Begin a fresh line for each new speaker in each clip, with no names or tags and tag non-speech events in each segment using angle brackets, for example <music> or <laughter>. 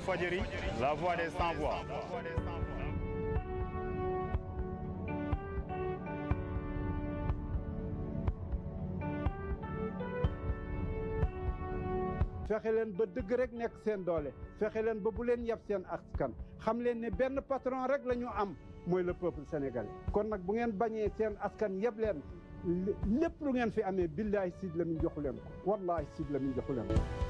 Walfadjri, la voix des sans-voix. fexe leen ba dëgg rek nekk seen doole fexe leen ba bu leen yab seen askan xam leen ne benn patron rek la am mooy le peuple sénégal kon nag bu ngeen bañee seen askan yëpp leen lépp lu ngeen fi amee billahi la Lamine joxu leen ko wallahi Sidy Lamine joxu leen ko.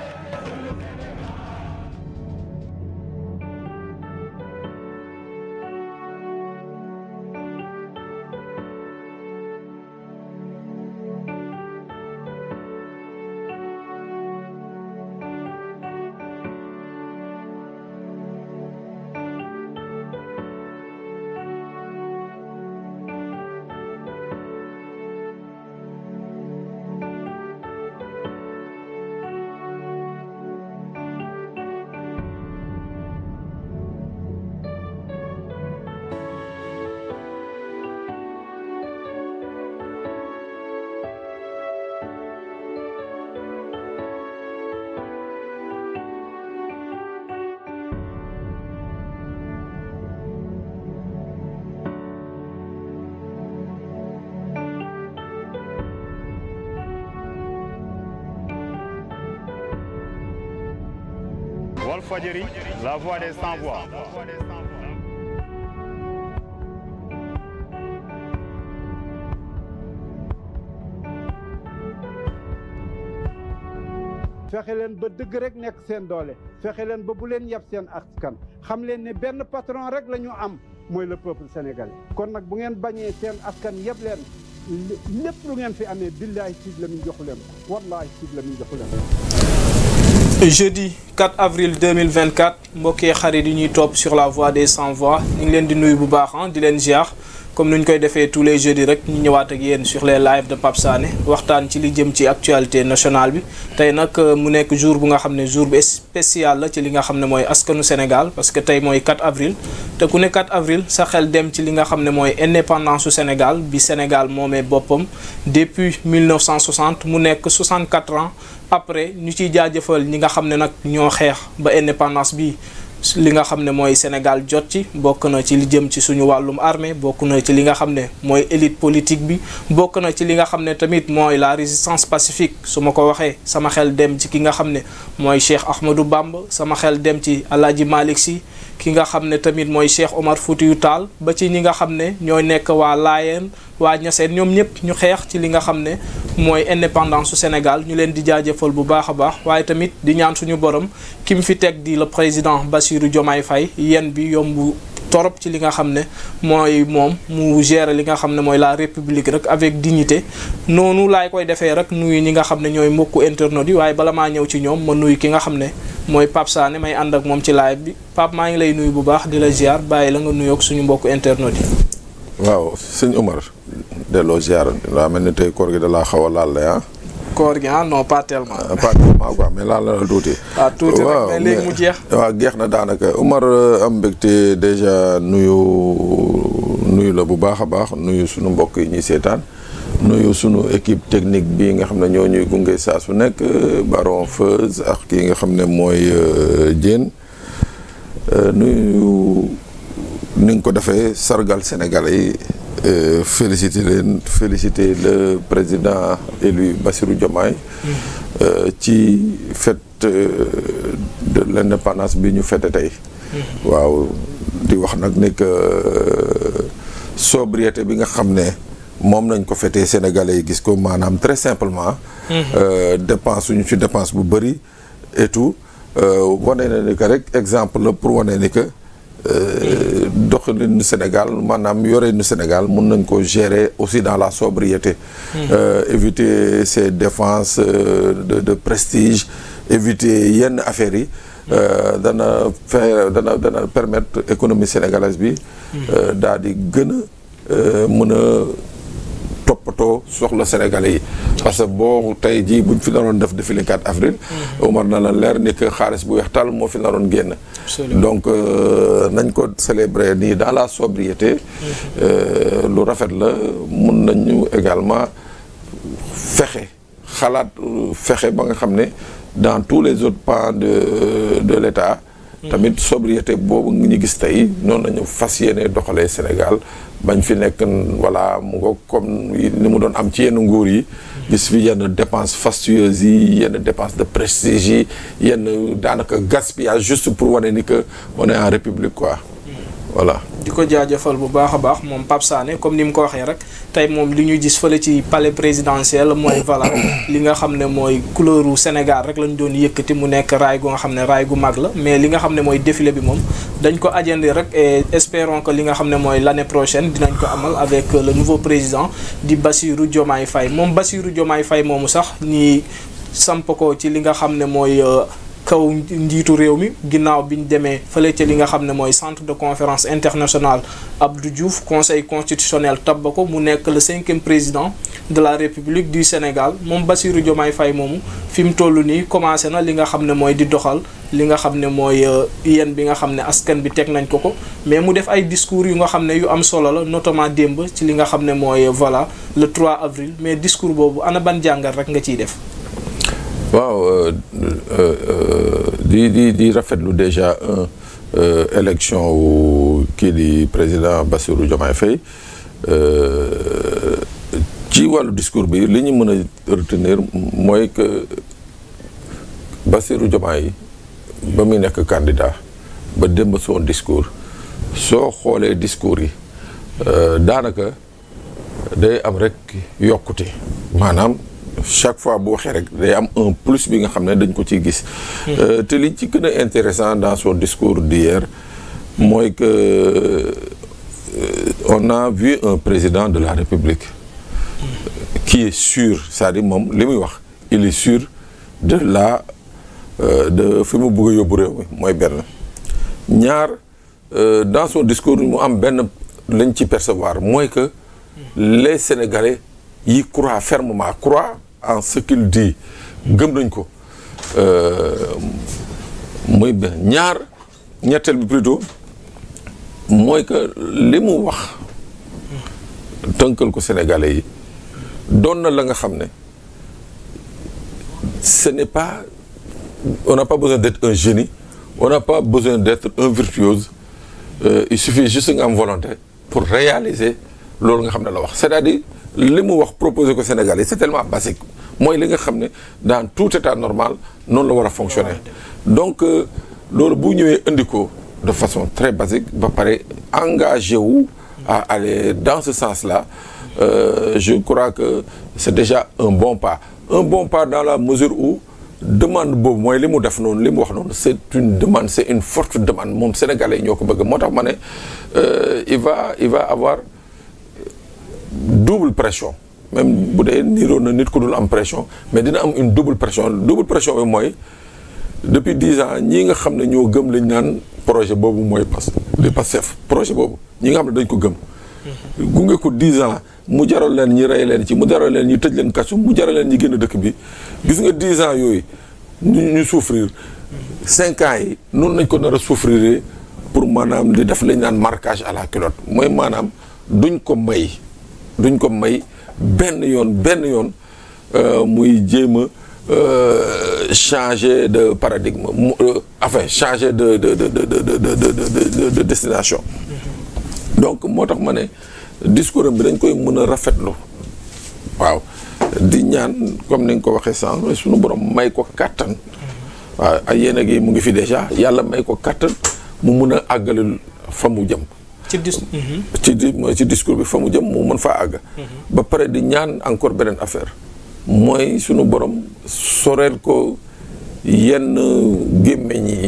Walfadjri la voix des sans voix fexe leen ba dëgg rek nekk seen doole fexe leen ba bu leen yab seen askan xam leen ne benn patron rek la ñu am mooy le peuple sénégalais kon nag bu ngeen bañee seen askan yëpp leen lépp lu ngeen fi amee billahi siid la min joxu leen ko wallahi siid la min joxu leen jeudi
4 avril 2024 mbokkee xarit yi ñuy topp sur la voie des sans voix ñu ngi leen di nuyu bu baax ah, di leen ziar comme ni ñu koy defee tous les jeudis rek ñu ñëwaat ak yéen sur les live de Pape Sané waxtaan ci li jëm ci actualité nationale bi tey nag euh, mu nekk jour bu nga xam ne jour bu spécial la ci li nga xam ne mooy askanu Sénégal parce que tey mooy 4 avril te ku ne avril sa xel dem ci li nga xam ne mooy indépendance su Sénégal bi Sénégal moomee boppam depuis 1960 mu nekk 64 ans. après ñu ciy jaajëfal ñi nga xam ne nag ñoo xeex ba indépendance bi li nga xam ne mooy Sénégal jot ci bokk na ci li jëm ci suñu wàllum armée bokk na ci li nga xam ne mooy élite politique bi bokk na ci li nga xam ne tamit mooy la résistance pacifique su ma ko waxee sama xel dem ci ki nga xam ne mooy Cheikh Ahmadou bàmb sama xel dem ci Alaaji Malick si ki nga xam ne tamit mooy Cheikh Omar Foutiou taal ba ci ñi nga xam ne ñooy nekk waa Laayeen waa Ñaseen ñoom ñëpp ñu xeex ci li nga xam ne mooy indépendance su Sénégal ñu leen di jaajëfal bu baax a baax waaye tamit di ñaan suñu borom ki mu fi teg di la président Bassirou Diomaye fay yéen bi yombu torop ci li nga xam ne mooy moom mu gérer li nga xam ne mooy la république rek avec dignité noonu laay koy defee rek nuyu ñi nga xam ne ñooy mbokku internautes yi waaye bala maa ñëw ci ñoom ma nuyu ki nga xam ne mooy Pape Sané may ànd ak moom ci live bi Pape maa ngi lay nuyu bu baax di la ziar bàyyi la nga nuyoog suñu mbokku internautes yi.
waaw sëñ Omar delloo ziar waaw mel ni tey koor gi da laa xaw a laal la ah.
koor gi ah non pas tellement.
Euh, pas tellement quoi laal na la tuuti. Ah, mu jeex. waaw geex na daanaka Umar euh, am mbégte déjà nuyu nuyu la bu baax a baax nuyu sunu mbokk yi ñuy seetaan. nuyu sunu équipe technique bi nga xam ne ñoo ñuy gunge saasu su nekk euh, baron Feuz ak kii nga xam ne mooy Dieng nuyu ni nga ko defee sargal Sénégalais yi. Euh, féliciter leen féliciter le président élu Bassirou Diomaye mm-hmm. euh, ci euh, fête euh, de bi ñu fête tey mm-hmm. waaw di wax nag ne que euh, sobriété bi nga xam ne moom nañ ko fêtee sénégalais yi gis ko maanaam très simplement mm-hmm. euh, dépense suñu ci dépense bu bëri et wane na ni que rek exemple la pour wane ni que Euh, doxalinu Sénégal maanaam yoreenu Sénégal mun nañ ko gérer aussi dans la sobriété. Hmm. Euh, éviter ces défenses euh, de de prestige éviter yenn affaires yi. Hmm. dana faire dana économie sénégalaise bi. Hmm. daal di gën toppatoo soxla sénégalais yi parce que boo tey jii buñ fi naroon def défilé 4 avril Umar mhm. na la leer ni que xaalis bu weex tàll moo fi na naroon génn donc euh, nañ ko célébrer nii dans la sobriété mhm. euh, lu rafet la mun nañu également fexe xalaat euh, fexe ba nga xam ne dans tous les autres pans de de l'État mhm. tamit sobriété boobu ñu gis tey noonu la fas yéene doxalee Sénégal bañ fi nekk voilà mu nga comme ni mu doon am ci yenn nguur yi gis fi yenn dépense fastueuse yi yenn dépense de prestige yi yenn daanaka gaspillage juste pour wane ni que wane en république quoi voilà. di ko
jaajëfal bu baax a baax moom Pape Sané comme ni mu ko waxee rek tey moom li ñu jis fële ci palais présidentiel mooy <coughs> voilà li nga xam ne mooy couleuru Sénégal rek lañ doon yëkkati mu nekk raay gu nga xam ne raay gu mag la mais li nga xam ne mooy défilé bi moom dañ ko ajandi rek et espérons li nga xam ne mooy l'année prochaine dinañ ko amal avec le nouveau président di Bassirou Diomaye fay moom Bassirou Diomaye fay moomu sax ñi samp ko ci li nga xam ne mooy. Euh, kaw njiitu réew mi ginnaaw bi ñu demee fële li nga xam ne mooy centre de conférence internationale Abdou Diouf conseil constitutionnel tab ba ko mu nekk le cinquième président de la république du Sénégal moom Bassirou Diomaye fay moomu fi mu toll nii commencé na li nga xam ne mooy di doxal li nga xam ne mooy euh, yéen bi nga xam ne askan bi teg nañ ko ko mais mu def ay discours yu nga xam ne yu am solo la notamment démb ci li nga xam ne mooy euh, voilà le 3 avril mais discours boobu ana ban jàngat rek nga ciy def.
waaw euh, euh, euh, di di di rafetlu déjà un wu kii di président Bassirou Diomaye Faye ci wàllu discours bi li ñu mën a retenir mooy que Bassirou yi ba muy nekk candidat ba démb son discours soo xoolee discours yi daanaka day am rek yokkute maanaam chaque fois boo waxee rek day am un plus bi nga xam ne dañ ko ci gis. Hmm. Euh, te li ci gën a intéressant dans son discours d'hier mooy que euh, on a vu un président de la République. qui est sûr cest à moom li muy wax il est sûr de la euh, de fi mu bëgg yóbbu réew mi mooy benn. ñaar dans son discours mu am benn lañ ci percevoir mooy que les Sénégalais. yi croit fermement croit en ce qu'il dit gëm nañ ko euh, muy benn ñaar ñetteel bi plutôt mooy que li mu wax tënkal ko sénégalais yi doon na la nga xam ne ce ne pas on n'a pas besoin d'être un génie on n'a pas besoin d'être un virtuose euh, il suffit juste nga am volonté pour réaliser loolu nga xam ne la wax cest li mu wax proposé ko Sénégal yi c'est tellement basique mooy li nga xam ne dans tout état normal noonu la war a fonctionner donc euh, loolu bu ñëwee indi ko de façon très basique ba pare engagé wu à aller dans ce sens la euh, je crois que c'est déjà un bon pas un bon pas dans la mesure où demande boobu mooy li mu def noonu li mu wax noonu c'est une demande c'est une forte demande moom sénégalais ñoo ko bëgg moo tax ma ne euh, il va il va avoir double pression même bu dee niroo na nit ko dul am pression mais dina am une double pression double pression bi mooy depuis dix ans ñii nga xam ne ñoo gëm lañ naan projet boobu mooy di li Pastef projet boobu ñi nga xam ne dañ ko gëm gunge ko dix ans mu jaral leen ñi rey leen ci mu jaral leen ñi tëj leen kaso mu jaral leen ñi génn dëkk bi gis nga dix ans yooyu ñu ñu souffrir cinq ans yi noonu nañ ko nar a souffrir pour maanaam di def lañ naan marquage à la mooy maanaam duñ ko may duñ ko may benn yoon benn yoon muy jéem a changer de paradigme enfin changer de de de de de de destination. donc moo tax ma ne discours bi dañ koy mën a rafetlu waaw di ñaan comme ni nga ko waxee sànq suñu borom may ko kàttan. waaw ay yéen a mu ngi fi déjà yàlla may ko kàttan mu mun a àggalil fa mu jëm. ci mm-hmm. ci discours bi fa mu jëm mu mën faa àgg. Mm-hmm. ba pare di ñaan encore beneen affaire mooy sunu borom soreel ko yenn gémmeñ yi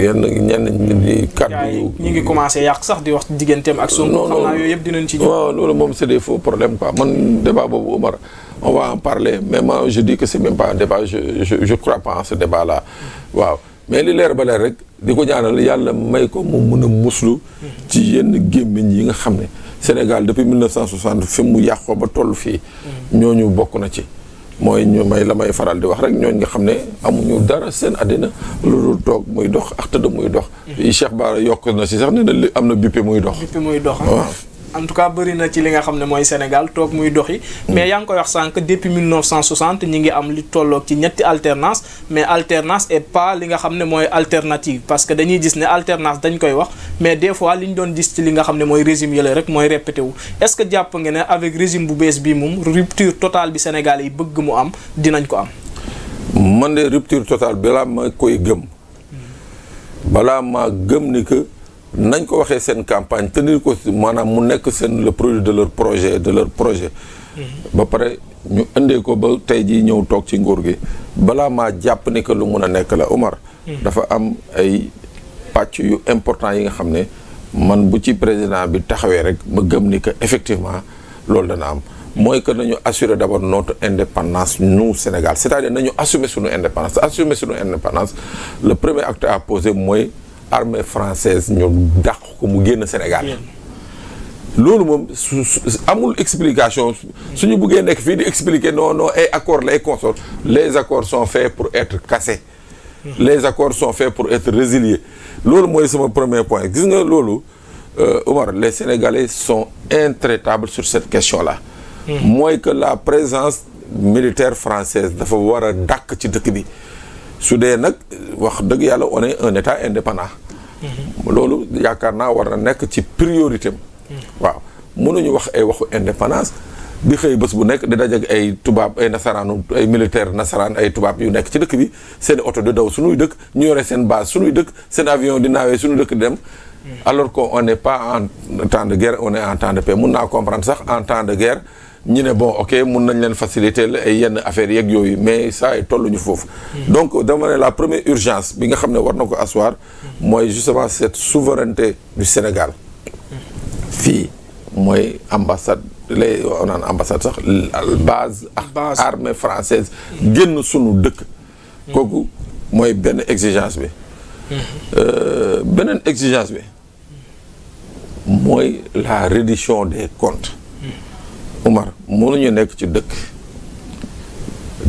yenn ñenn mm-hmm. kàddu yu ñu ngi commencé yàq sax di wax digganteem ak Sonko xam naa yooyu yëpp dinañ ci waaw loolu moom c'est des faux problèmes quoi man débat boobu Omar on va en parler mais je dis que c'est même pas un je crois pas en ce débat là waaw mais li leer ba leer rek di ko ñaanal yàlla may ko mu mun a muslu ci yenn gémmiñ yi nga xam ne Sénégal depuis 1960 fi mu yàqoo ba tollu fii ñoo ñu bokk na ci mooy ñu may la may faral di wax rek ñooñ nga xam ne amuñu dara seen àddina lu dul toog muy dox ak tëdd muy dox Cheikh Bara yokk na si sax ne na am na bippe muy dox
muy dox waaw en tout cas bëri na ci li nga xam ne mooy Sénégal toog muy doxi mais yaa ngi koy wax sànq depuis 1960 ñi ngi am li tolloog ci ñetti alternance mais alternance et pas li nga xam ne mooy alternative parce que dañuy gis ne alternance dañ koy wax mais des fois li ñu doon gis ci li nga xam ne mooy régime yële rek mooy répété wu est-ce jàpp nga ne avec régime bu bees bi moom rupture totale bi Sénégal yi bëgg mu am
dinañ ko am man de rupture totale balaa ma koy gëm gëm ni que nañ ko waxee seen campagne tenir ko maanaam mu nekk seen le produit de leur projet de leur projet. Mm-hmm. ba pare ñu indee ko ba tey jii ñëw toog ci nguur gi balaa maa jàpp ni que lu mun a nekk la Omar. Mm-hmm. dafa am ay pàcc yu important yi nga xam ne man bu ci président bi taxawee rek ma gëm ni que effectivement loolu dana am. mooy que nañu assurer d'abord notre indépendance nous Sénégal c'est-à-dire nañu assumer suñu indépendance assumer suñu indépendance le premier acte à poser mooy. armée française ñu dàq ko mu génn Sénégal loolu moom amul explication suñu buggee nekk fii di expliquer non non ay la ay consorts les accords sont faits pour être cassés hmm. les accords sont faits pour être résilier loolu mooy sama premier point gis nga loolu euh, Omar les Sénégalais son intraitables sur cette question la hmm. mooy que la présence militaire française dafa war a dàkk ci dëkk bi su dee nag wax dëgg yàlla on est un état indépendant. Mhm. loolu yaakaar naa war na nekk ci priorité am. Mhm. waaw mënuñu wax ay waxu indépendance di xëy bés bu nekk di dajag ay tubaab ay nasaraanu ay militaire nasaraan ay tubaab yu nekk ci dëkk bi seen oto de daw suñuy dëkk ñu yore seen base suñuy dëkk seen avion di naawee suñu dëkk di dem. Mhm. alors qu'on n'est pas en temps de guerre on est en temps de paix mun naa comprendre sax en temps de guerre. ñu ne bon ok mun nañ leen faciliter ay yenn affaires yeeg yooyu mais ça tolluñu foofu. Mm. donc dama ne la première urgence bi nga xam ne war na ko asseoir. Mm. mooy justement cette souveraineté du Sénégal. Mm. fii mooy ambassade lay on naan ambassade sax base. base armée génn sunu dëkk. kooku mooy benn exigence bi. Euh, beneen exigence bi. mooy la reddition des comptes. Umar mënuñu nekk ci dëkk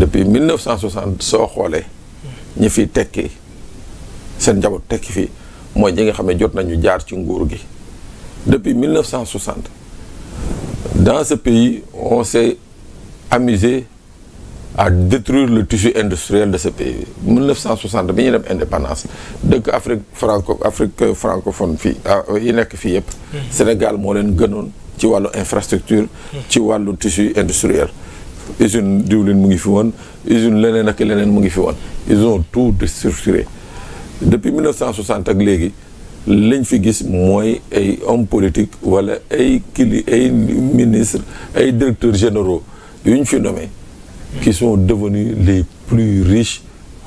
depuis 1960 soo xoolee ñi fi tekki seen njaboot tekki fii mooy ñi nga xam ne jot nañu jaar ci nguur gi depuis 1960 dans ce pays on s'est amusé à détruire le tissu industriel de ce pays 1960 bi ñu dem indépendance dëkk Afrique franco Afrique francophone fii ah, yi nekk fii yëpp hmm. Sénégal moo leen gënoon ci wàllu infrastructure ci wàllu tissu industriel usine diwlin mu ngi fi woon usine leneen ak leneen mu ngi fi woon ils ont tout déstructuré depuis 1960 ak léegi liñ fi gis mooy ay homme politique wala ay kili ay ministre ay directeurs généraux yu ñu fi nommé qui sont devenus les plus riches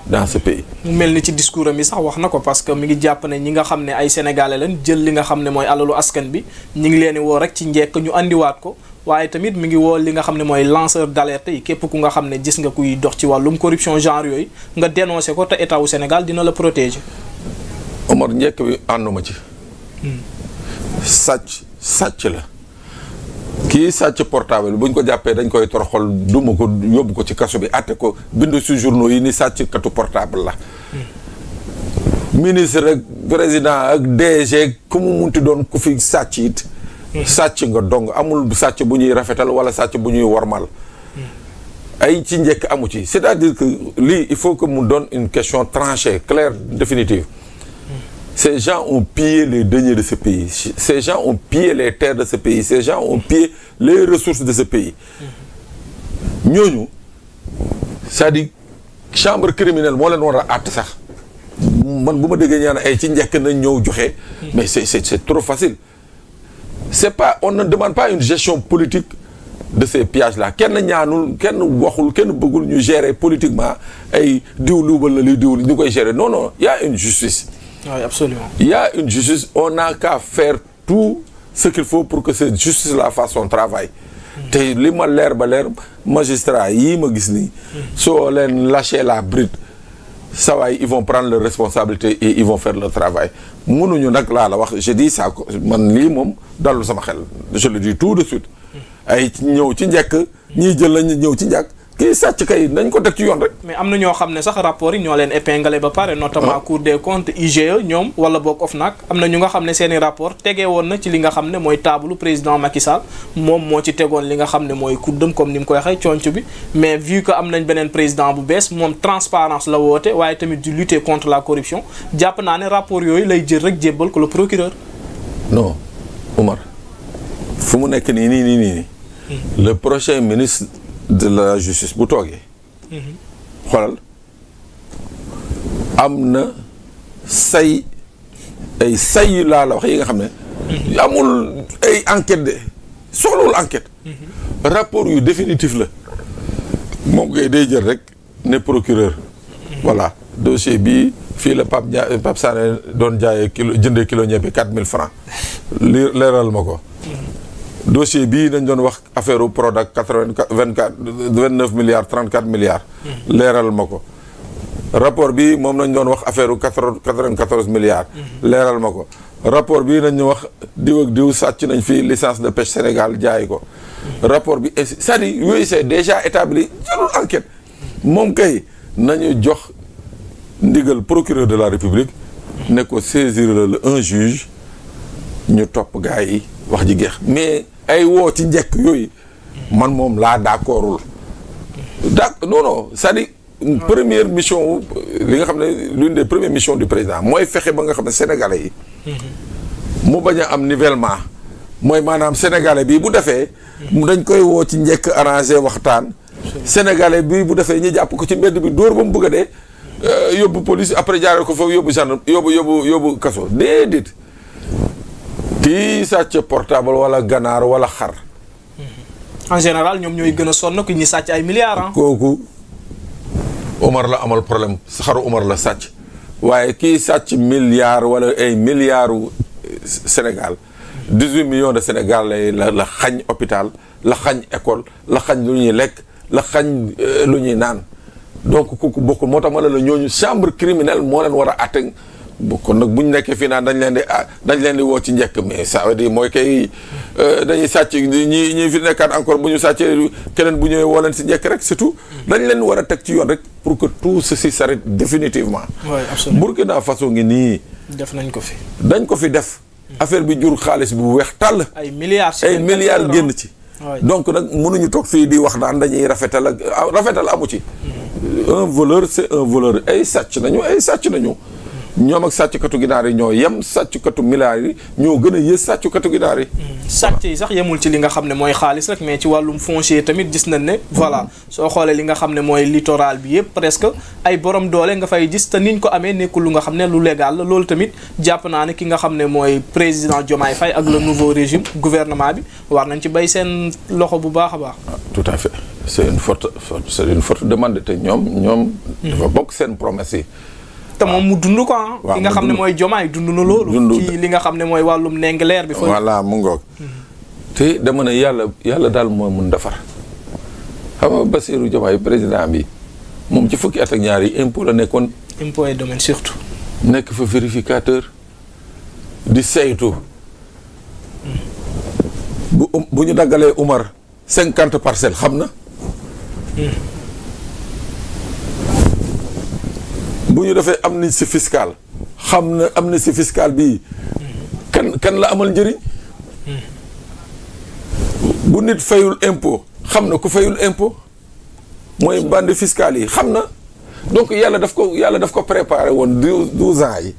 dans ce
mu mel ni ci discours am yi sax wax na ko parce que mi ngi jàpp ne ñi nga xam ne ay sénégalais lañ jël li nga xam ne mooy alalu askan bi ñi ngi leen woo rek ci njekk ñu indiwaat ko waaye tamit mi ngi woo li nga xam ne mooy lanceur d'alerte yi képp ku nga xam ne gis nga kuy dox ci wàllum corruption genre yooyu nga dénoncé ko te état wu Sénégal dina la
protéger. Omar njekk bi ànduma ci. Hmm. sàcc sàcc la. kii sàcc portable bu ñu ko jàppee dañ koy toroxal duma ko yóbbu ko ci kaso bi àtte ko bind ci journaux yi ni sàcc katu portable la ministre ak président ak DG ku mu munti doon ku fi sàcc it nga dong amul sàcc bu ñuy rafetal wala sàcc bu ñuy wormal ay ci njëkk amu ci c'est-à-dire que lii il faut que mu donne une question tranchée claire définitive Ces gens ont pillé les deniers de ce pays. Ces gens ont pillé les terres de ce pays. Ces gens ont pillé les ressources de ce pays. ñooñu c'est-à-dire chambre criminelle moo leen war a àtt sax man bu ma déggee ñaan ay ci njëkk na ñëw joxe. mais c'est c'est c'est trop facile. c'est pas on ne demande pas une gestion politique de ces pillages là kenn ñaanul kenn waxul kenn bëggul ñu gérer politiquement ay diw luubal na li diw ñu koy gérer non non il une justice.
Oui, absolument.
Il une justice, on n'a qu'à faire tout ce qu'il faut pour que cette justice-là fasse son travail. te li ma leer ba leer magistrat yii ma gis ni soo leen lâcher la bride saa waay ils vont prendre leurs ils vont faire leur travail mënuñu nag laa la wax je sa man lii moom dalul sama xel je tout de suite. ay ñëw ci njëkk ñii jël lañu ñëw ci njëkk kii sàcc kay dañ ko teg ci yoon rek.
mais am na ñoo xam ne sax rapport yi ñoo leen épinglé ba pare. notamment ah. cour des comptes IGE ñoom wala boog OFNAC am na ñu nga xam ne seen i rapport tegee woon na ci li nga xam ne mooy taabalu président Macky Sall moom moo ci tegoon li nga xam ne mooy kuddam comme ni mu koy waxee conc bi mais vu que am nañ beneen président bu bees moom transparence la woote waaye tamit di lutter contre la corruption jàpp naa rapport yooyu lay jël rek jébbal ko le procureur.
non Omar fu mu nekk nii nii nii nii. Hmm. le de la justice bu toogee. xoolal am na say ay say yu laa la wax yi nga xam ne. amul ay enquête de soxlawul enquête. rapport yu définitif la moom koy day jël rek ne procureur. voilà dossier bi fii la Pape Dia Pape Sané doon jaayee kilo jëndee kilo ñebe 4000 francs leeral ma ko. dossier bii dañ doon wax affaire u Prodac quatre-vingt-quatre vingt-quatre vingt-neuf milliards trente-quatre milliards hmm. leeral ma ko rapport bi moom lañ doon wax affaire u quatre-vingt-quatorze milliards hmm. leeral ma ko rapport bii nañ ñu wax diw ak diw sàcc nañ fi licence de pêche Sénégal jaay ko hmm. rapport bi c'est-à-dire yooyu c'est déjà établi jarul enquête moom kay nañu jox ndigal procureur de la République ne ko saisir la le un juge ñu topp gars yi wax ji ay woo ci njëkk yooyu man moom laa d'accordul dak non non c'est-à-dire première mission li nga xam ne l'une de premières missions du président mooy fexe ba nga xam ne sénégalais yi mu bañ a am nivellement mooy maanaam sénégalais bii bu defee dañ koy woo ci njëkk arrangé waxtaan sénégalais bii bu defee ñu jàpp ko ci mbedd bi dóor ba mu bugga a dee euh, yóbbu police après jaaree ko foofu yóbbu gendarme yóbbu yóbbu yóbbu kaso déedéet kii sàcc portable wala ganaar wala xar. Mm-hmm. en général ñoom ñooy gën a sonn ku ñuy sàcc ay milliards kooku Omar la amal problème xaru Omar la sàcc waaye kii sàcc milliards wala ay milliards Sénégal dix-huit millions de Sénégal lay la xañ hôpital la xañ école la xañ lu ñuy lekk la xañ euh, lu ñuy naan donc kooku bokkul moo tax ma la ñooñu chambre criminelle moo leen war a atteindre bu kon nag bu ñu nekkee fii naan dañ leen di ah, dañ leen di woo ci njëkk mais ça veut dire mooy kay euh, dañuy sàcc ñi ñi fi nekkaat encore bu ñu sàccee keneen bu ñëwee woo leen si njëkk rek surtout dañ leen war a teg ci yoon rek pour que tout ceci s'arrête définitivement. oui absolument Burkina Faso ngi nii.
def nañ ko fi.
dañ ko fi def. affaire bi jur xaalis bu weex tàll. ay milliards ay milliards génn ci. donc nag mënuñu toog fii di wax naan dañuy rafetal ak ah, rafetal amu ci. Mm-hmm. un voleur c'est un voleur ay sàcc nañu ay sàcc nañu. ñoom ak sàcckatu ginaar yi ñoo yem sàcckatu milliards yi ñoo gën a yées sàcckatu ginaar yi.
Hmm. sàcc yi sax yemul ci li nga xam ne mooy xaalis rek mais ci wàllum foncier tamit gis nañ ne. voilà soo xoolee li nga xam ne mooy littoral bi yëpp presque ay borom doole nga fay gis te niñ ko amee nekkul lu nga xam ne lu légal la loolu tamit jàpp naa ne ki nga xam ne mooy président Diomaye fay ak le nouveau régime gouvernement bi war nañ ci bay seen loxo bu baax a baax.
tout à fait c'est une forte c'est une forte demande ñoom ñoom. dafa bokk seen promesse yi. te moom mu dund ko waaw ki nga xam ne mooy jomaay dund na loolu. ci li nga xam ne mooy wàllum leer bi. fa voilà mu ngoog. te dama ne yàlla yàlla daal moo mun defar xam nga Bassirou Diomaye président bi moom ci fukki at ak ñaar yi impôt la nekkoon. impôt et domaine surtout. nekk fa vérificateur di saytu. Hmm. bu bu ñu daggalee Umar cinquante parcelles xam na. Hmm. bu ñu defee amnistie fiscale xam na am amnistie fiscale bii kan kan la amal njëriñ bu nit fayul impôt xam na ku fayul impôt mooy bande fiscale yi xam na donc yàlla daf ko yàlla daf ko préparé woon douze ans yi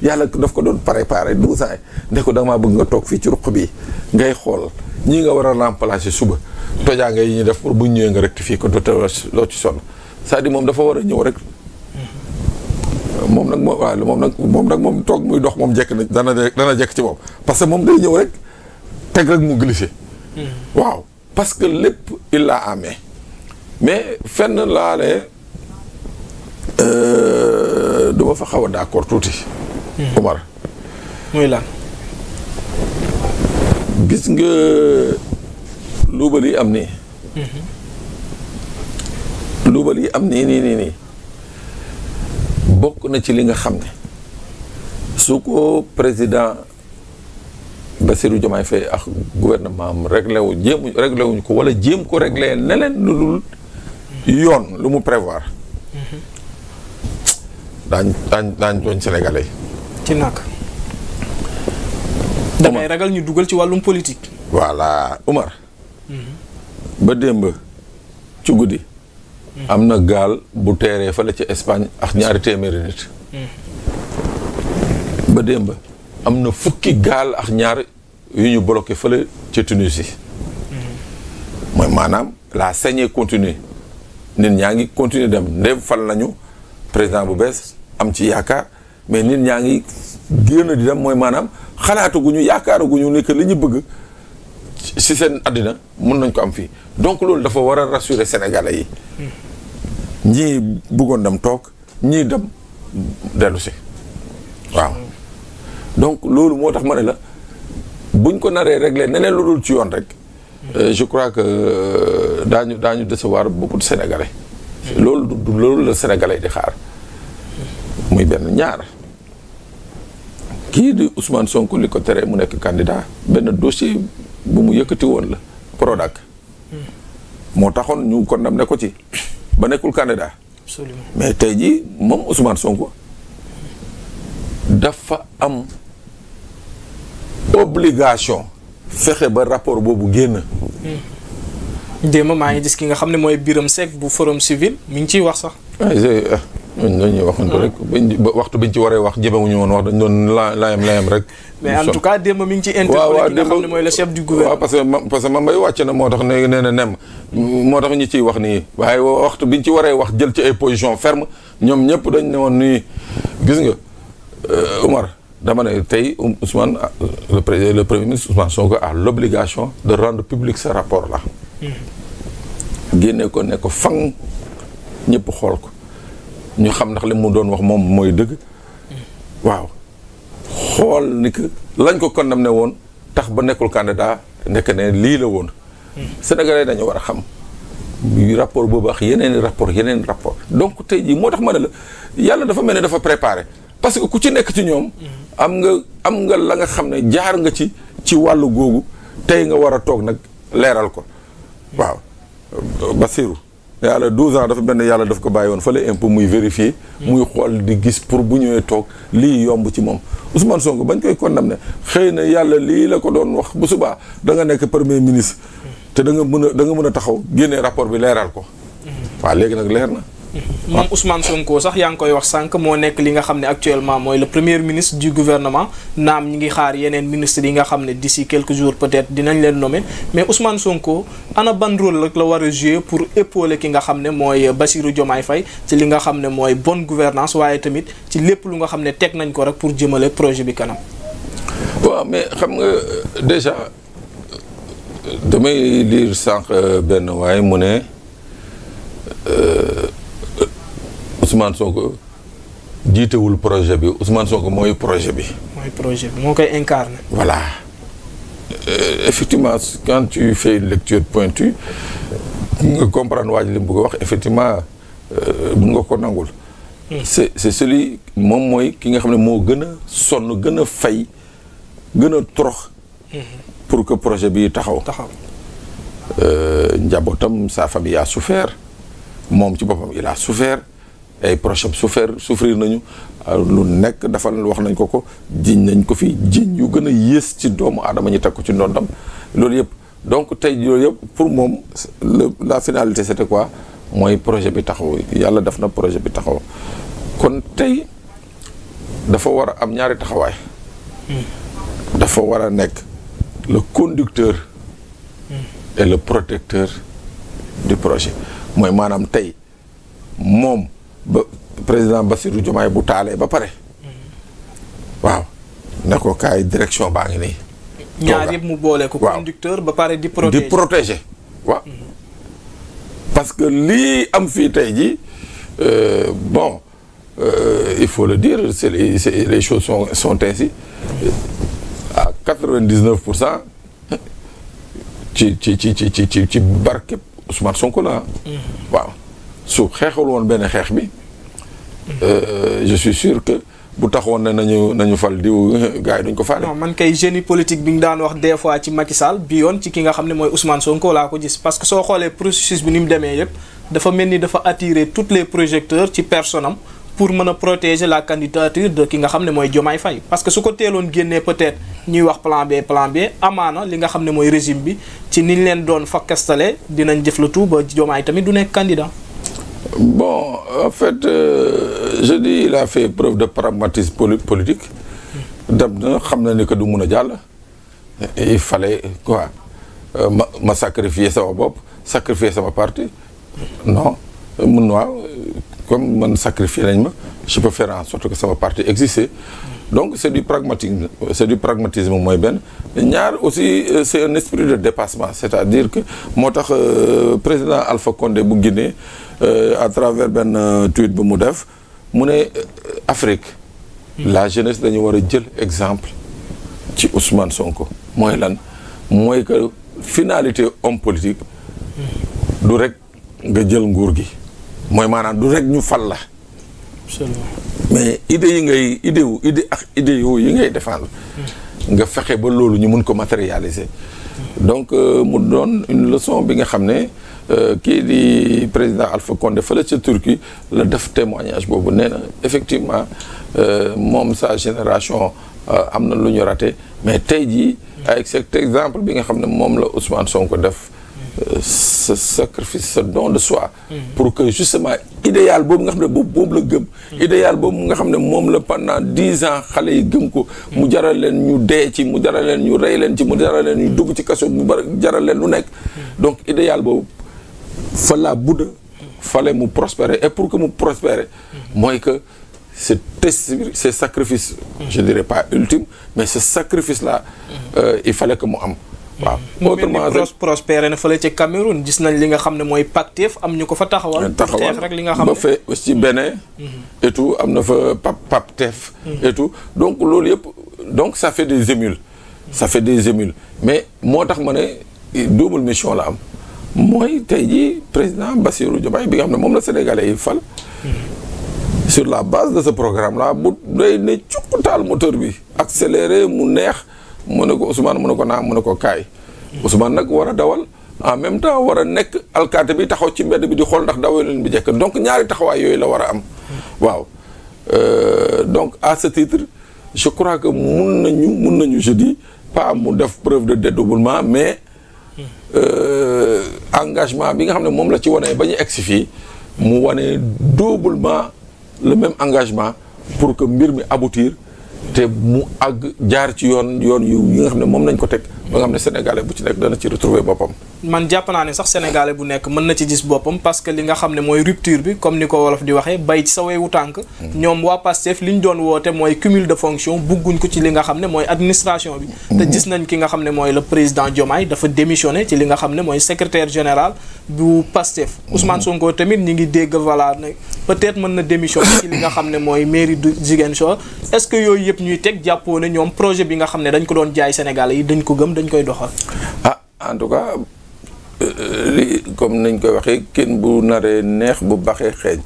yàlla daf ko doon préparé douze ans yi ne ko dama bëgg nga toog fii ci ruq bi ngay xool ñii nga war a remplacer suba tojaanga yi ñuy def pour bu ñëwee nga rectifier ko dootoo loo ci sonn c'est-à-dire moom dafa war a ñëw rek moom nag moom waaw moom nag moom nag toog muy dox moom jekk na dana dana jekk ci moom parce que moom day ñëw rek teg rek mu glissé. Hmm. waaw parce que lépp il l'a amee mais fenn laa ne euh, fa xaw a d'accord tuuti. Hmm. Omar. muy lan. gis nga luubal yi am nii. Hmm. luubal yi am nii nii nii. bokk na ci li nga xam ne su ko président Bassirou Diomaye Faye ak gouvernement am réglé wu jéem réglé wuñ ko wala jéem ko regle ne leen lu yoon lu mu prévoir daañ mhm. daañ daañ tooñ sénégalais ci nag damay ragal ñu dugal ci wàllum politique voilà Umar mhm. ba démb ci guddi am na gaal bu teeree fële ci Espagne ak ñaari téeméeri nit. ba démb am na fukki gaal ak ñaar yu ñu bloqué fële ca Tunisie. mooy maanaam la saignée continuer nit ñaa ngi continuer dem ndem fal nañu président bu bees am ci yaakaar mais nit ñaa ngi génn di dem mooy maanaam xalaataguñu yaakaaraguñu ne que li ñu bëgg. si seen àddina mën nañ ko am fii donc loolu dafa war a rassurer sénégalais yi ñii buggoon dem toog ñii dem dellu si waaw donc loolu moo tax ma ne la buñ ko naree régler neneen lu dul ci yoon rek euh, je crois que euh, daañu daañu décevoir beaucoup de sénégalais loolu du loolu la sénégalais di xaar muy benn ñaar kii di Ousmane Sonko li ko teree mu nekk candidat benn dossier bu mu yëkkati woon la Prodac hmm. moo taxoon ñu ne ko ci ba nekkul candidat absolument mais tey jii moom Ousmane Sonko dafa am obligation fexe ba rapport boobu génn
hmm. démb maa ngi gis ki nga xam ne mooy biiram Seck bu Forum Civil mi ngi ciy wax sax
ah, dañuy waxantu rek ah. ba waxtu biñ ci waree wax jëbawuñu woon wax dañ doon la layam layam rek. mais en tout cas démb mi ngi ci interpellé ki nga xam ne mooy le chef du gouvernement. waaw parce que parce que man bay wàcc na moo tax nee na nem moo tax ñu ciy wax nii waaye waxtu biñ ci waree wax jël ci ay position ferme ñoom ñëpp dañ ne woon nii gis nga euh, Umar dama ne tey Ousmane ah, le président le premier ministre Ousmane Sonko a l'obligation de rendre public ce rapport là. Hmm. génne ko ne ko fang ñëpp xool ko. ñu xam ndax la mu doon wax moom mooy dëgg waaw xool ni que lañ ko ne woon tax ba nekkul candidat nekk ne lii la woon sénégalais dañu war a xam rapport boobu ak yeneen rapport yeneen rapport donc tey jii moo tax ma ne la yàlla dafa mel ne dafa préparé parce que ku ci nekk ci nga am nga la xam ne jaar nga ci ci wàllu googu tey nga war a toog nag leeral ko waaw Basirou yàlla 12 ans dafa benn yàlla daf ko bàyyi woon fële impôt muy vérifier muy xool di gis pour bu ñëwee toog lii yomb ci moom Ousmane Sonko bañ koy ne xëy na yàlla lii la ko doon wax bu subaa da nga nekk premier ministre te danga nga mën a da nga mën a taxaw génnee rapport bi leeral ko mm-hmm. waaw léegi nag leer na moom
Ousmane Sonko sax yaa ngi koy wax sànq moo nekk li nga xam ne actuellement mooy le premier ministre du gouvernement naam ñi ngi xaar yeneen ministre yi nga xam ne di si quelques jour peut-être dinañ leen nome mais Ousmane Sonko ana ban rôle rek la war a jouer pour épauler ki nga xam ne mooy Bassirou Diomaye Faye ci li nga xam ne mooy bonne gouvernance waaye tamit ci lépp lu nga xam ne teg nañ ko rek pour jëmale projet bi kanam.
waaw mais xam nga déjà damay lire benn waaye mu ne. Ousmane Sonko jiitewul projet bi Ousmane mooy projet bi.
projet bi koy incarné.
voilà euh, effectivement quand tu fais une lecture pointue nga comprendre waa euh, mun nga ko nangul. Hmm. c'est celui moom mooy ki nga xam ne moo gën a sonn gën a fay gën a torox. Hmm. pour que projet bi taxaw. taxaw euh, njabootam sa famille a souffert moom ci boppam il a souffert. ay proches am souffrir nañu lu nekk dafa wax nañ ko ko jiiñ nañ ko fi jiñ yu gën a yées ci doomu aadama ñu teg ko ci ndondam loolu yëpp donc tey loolu yëpp pour moom la finalité c'était quoi mooy projet bi taxaw yàlla def na projet bi taxaw kon tey dafa war a am ñaari taxawaay hmm. dafa war a nekk le conducteur hmm. et le protecteur du projet mooy maanaam tey moom ba président Bassirou Diomaye bu taalee ba pare. waaw ne ko direction baa ngi nii.
ñaar yëpp mu boole ko. conducteur ba pare di
protéger di waaw. Mm-hmm. parce que lii am fii tey jii euh, bon euh, il faut le dire c'est les c'est les choses sont sont ainsi quatre-vingt-dix-neuf pour cent ci ci ci ci ci ci barke Ousmane Sonko la mm-hmm. waaw. su xeexul woon benn xeex bi euh, euh, je suis sûr que bu taxoon ne nañu nañu fal diw gars yi duñ ko faale. non
man kay génie politique bi nga daan wax des fois ci Macky Sall bi yoon ci ki nga xam ne mooy Ousmane Sonko laa ko gis parce que soo xoolee processus bi ni mu demee yëpp dafa mel ni dafa attirer tous les projecteurs ci personne pour mën a protéger la candidature de ki nga xam ne mooy Diomaye Faye parce que su ko teeloon génnee peut-être ñuy wax plan B plan B amaana nga xam ne mooy régime bi ci niñ leen doon fakkastale dinañ jëf la ba Diomaye tamit du nekk candidat.
Bon, en fait, euh, je dis il a fait preuve de pragmatisme politique. dab na xam na ni que du mun a jàll. il fallait quoi euh, ma ma sacrifier sama bopp sacrifier sama parti non mun waaw comme man sacrifié nañ ma je peux faire en sorte que sama parti existe donc c' est du pragmatisme c' est mooy benn ñaar aussi euh, c' est un esprit de dépassement c' est à dire que moo tax euh, président Alpha Condé bu Guinée euh, à travers benn tweet bu mu def mu ne Afrique la jeunesse dañu war a jël exemple ci Ousmane Sonko mooy lan mooy que finalité homme politique du rek nga jël nguur gi mooy maanaam du rek ñu fal la. mais idée yi ngay idée wu idée ak idée yooyu yi ngay défendre. nga fexe ba loolu ñu mun ko matérialiser. donc euh, mu doon une leçon bi nga xam ne euh, kii di président Alpha Condé fële ca Turquie la def témoignage boobu nee na effectivement euh, moom sa génération am na lu ñu raté mais tey jii. avec cet exemple bi nga xam ne moom la Ousmane ko def. sa sacrifice sa don de soi pour que justement idéal boobu nga xam ne boobu la gëm idéal boobu nga xam ne moom la pendant dix ans xale yi gëm ko mu jaral leen ñu dee ci mu jaral leen ñu rey leen ci mu jaral leen ñu dugg ci kaso mu jaral leen lu nekk donc idéal boobu fa la Bouddha fallait mu prospérer et pour que mu prospérer mooy que ce ce sacrifice je dirais pas ultime mais ce sacrifice là euh, il fallait que mu am waaw
autrement rek prospéré na fële ci gis nañ li nga xam ne mooy Pastef am ñu ko fa
taxawal. Eh, taxawal rek li nga xam ne ba fee ci Bénin. Mhm. et am na fa pap Pastef. Mhm. et donc loolu yëpp donc ça des émules. ça des émules mais moo tax ma ne double mission la am mooy président Bassirou Diomaye bi nga xam ne moom la sénégalais yi fal. Mhm. sur la base de ce programme là bu day ne cukkutaal moteur bi accéléré mu neex. mu ne ko Ousmane mu ne ko naa mu ne ko kaay Ousmane nag war a dawal en même temps war a nekk alkaati bi taxaw ci mbedd bi di xool ndax dawal leen bi njëkk donc ñaari taxawaay yooyu la war am waaw euh, donc à ce titre je crois que mun nañu mun nañu je dis pas mu def preuve de dédoublement mais euh, engagement bi nga xam ne moom la ci wanee ba ñu egsi fii mu wane doublement le même engagement pour que mbir mi aboutir te mu àgg jaar ci yoon yoon yu yi nga xam ne moom nañ ko teg ba nga xam ne sénégalais bu ci nekk dana ci retrouver boppam
man jàpp naa ne sax sénégalais bu nekk mën na ci gis boppam parce que li nga xam ne mooy rupture bi comme ni ko wolof di waxee bay ci hmm. doon woote mooy cumul de fonction bugguñ ko ci nga xam ne mooy administration bi hmm. te gis nañ ki nga xam ne mooy le président Diomaye dafa démissionné ci li nga xam ne mooy secrétaire général bu Pastef hmm. Ousmane Sonko tamit ñu ngi dégg voilà ne peut-être mën na démissionné ci li nga xam ne mooy mairie du Ziguinchor est-ce que yooyu yëpp ñuy teg jàppoo ne ñoom projet nga xam ne dañ ko doon jaay sénégalais yi dañ ko gëm dañ koy doxal.
Ah, en tout cas euh, comme nañ koy waxee kenn bu naree neex bu baxee xeeñ.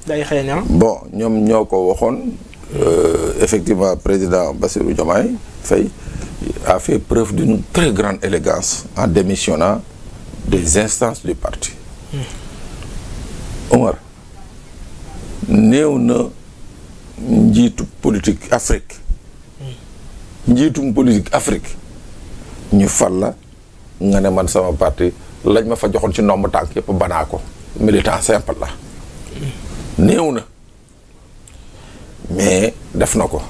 Ah. bon ñoom ñoo ko waxoon euh, effectivement président Bassirou Diomaye Faye a fait preuve d'une très grande élégance en démissionnant des instances du parti. Hmm. Omar néew na njiitu politique Afrique. Hmm. njiitum politique Afrique. ñu fal la nga ne man sama parti lañ ma fa joxoon ci nomb tànk yëpp banaa ko militant simple la néew na mais def na ko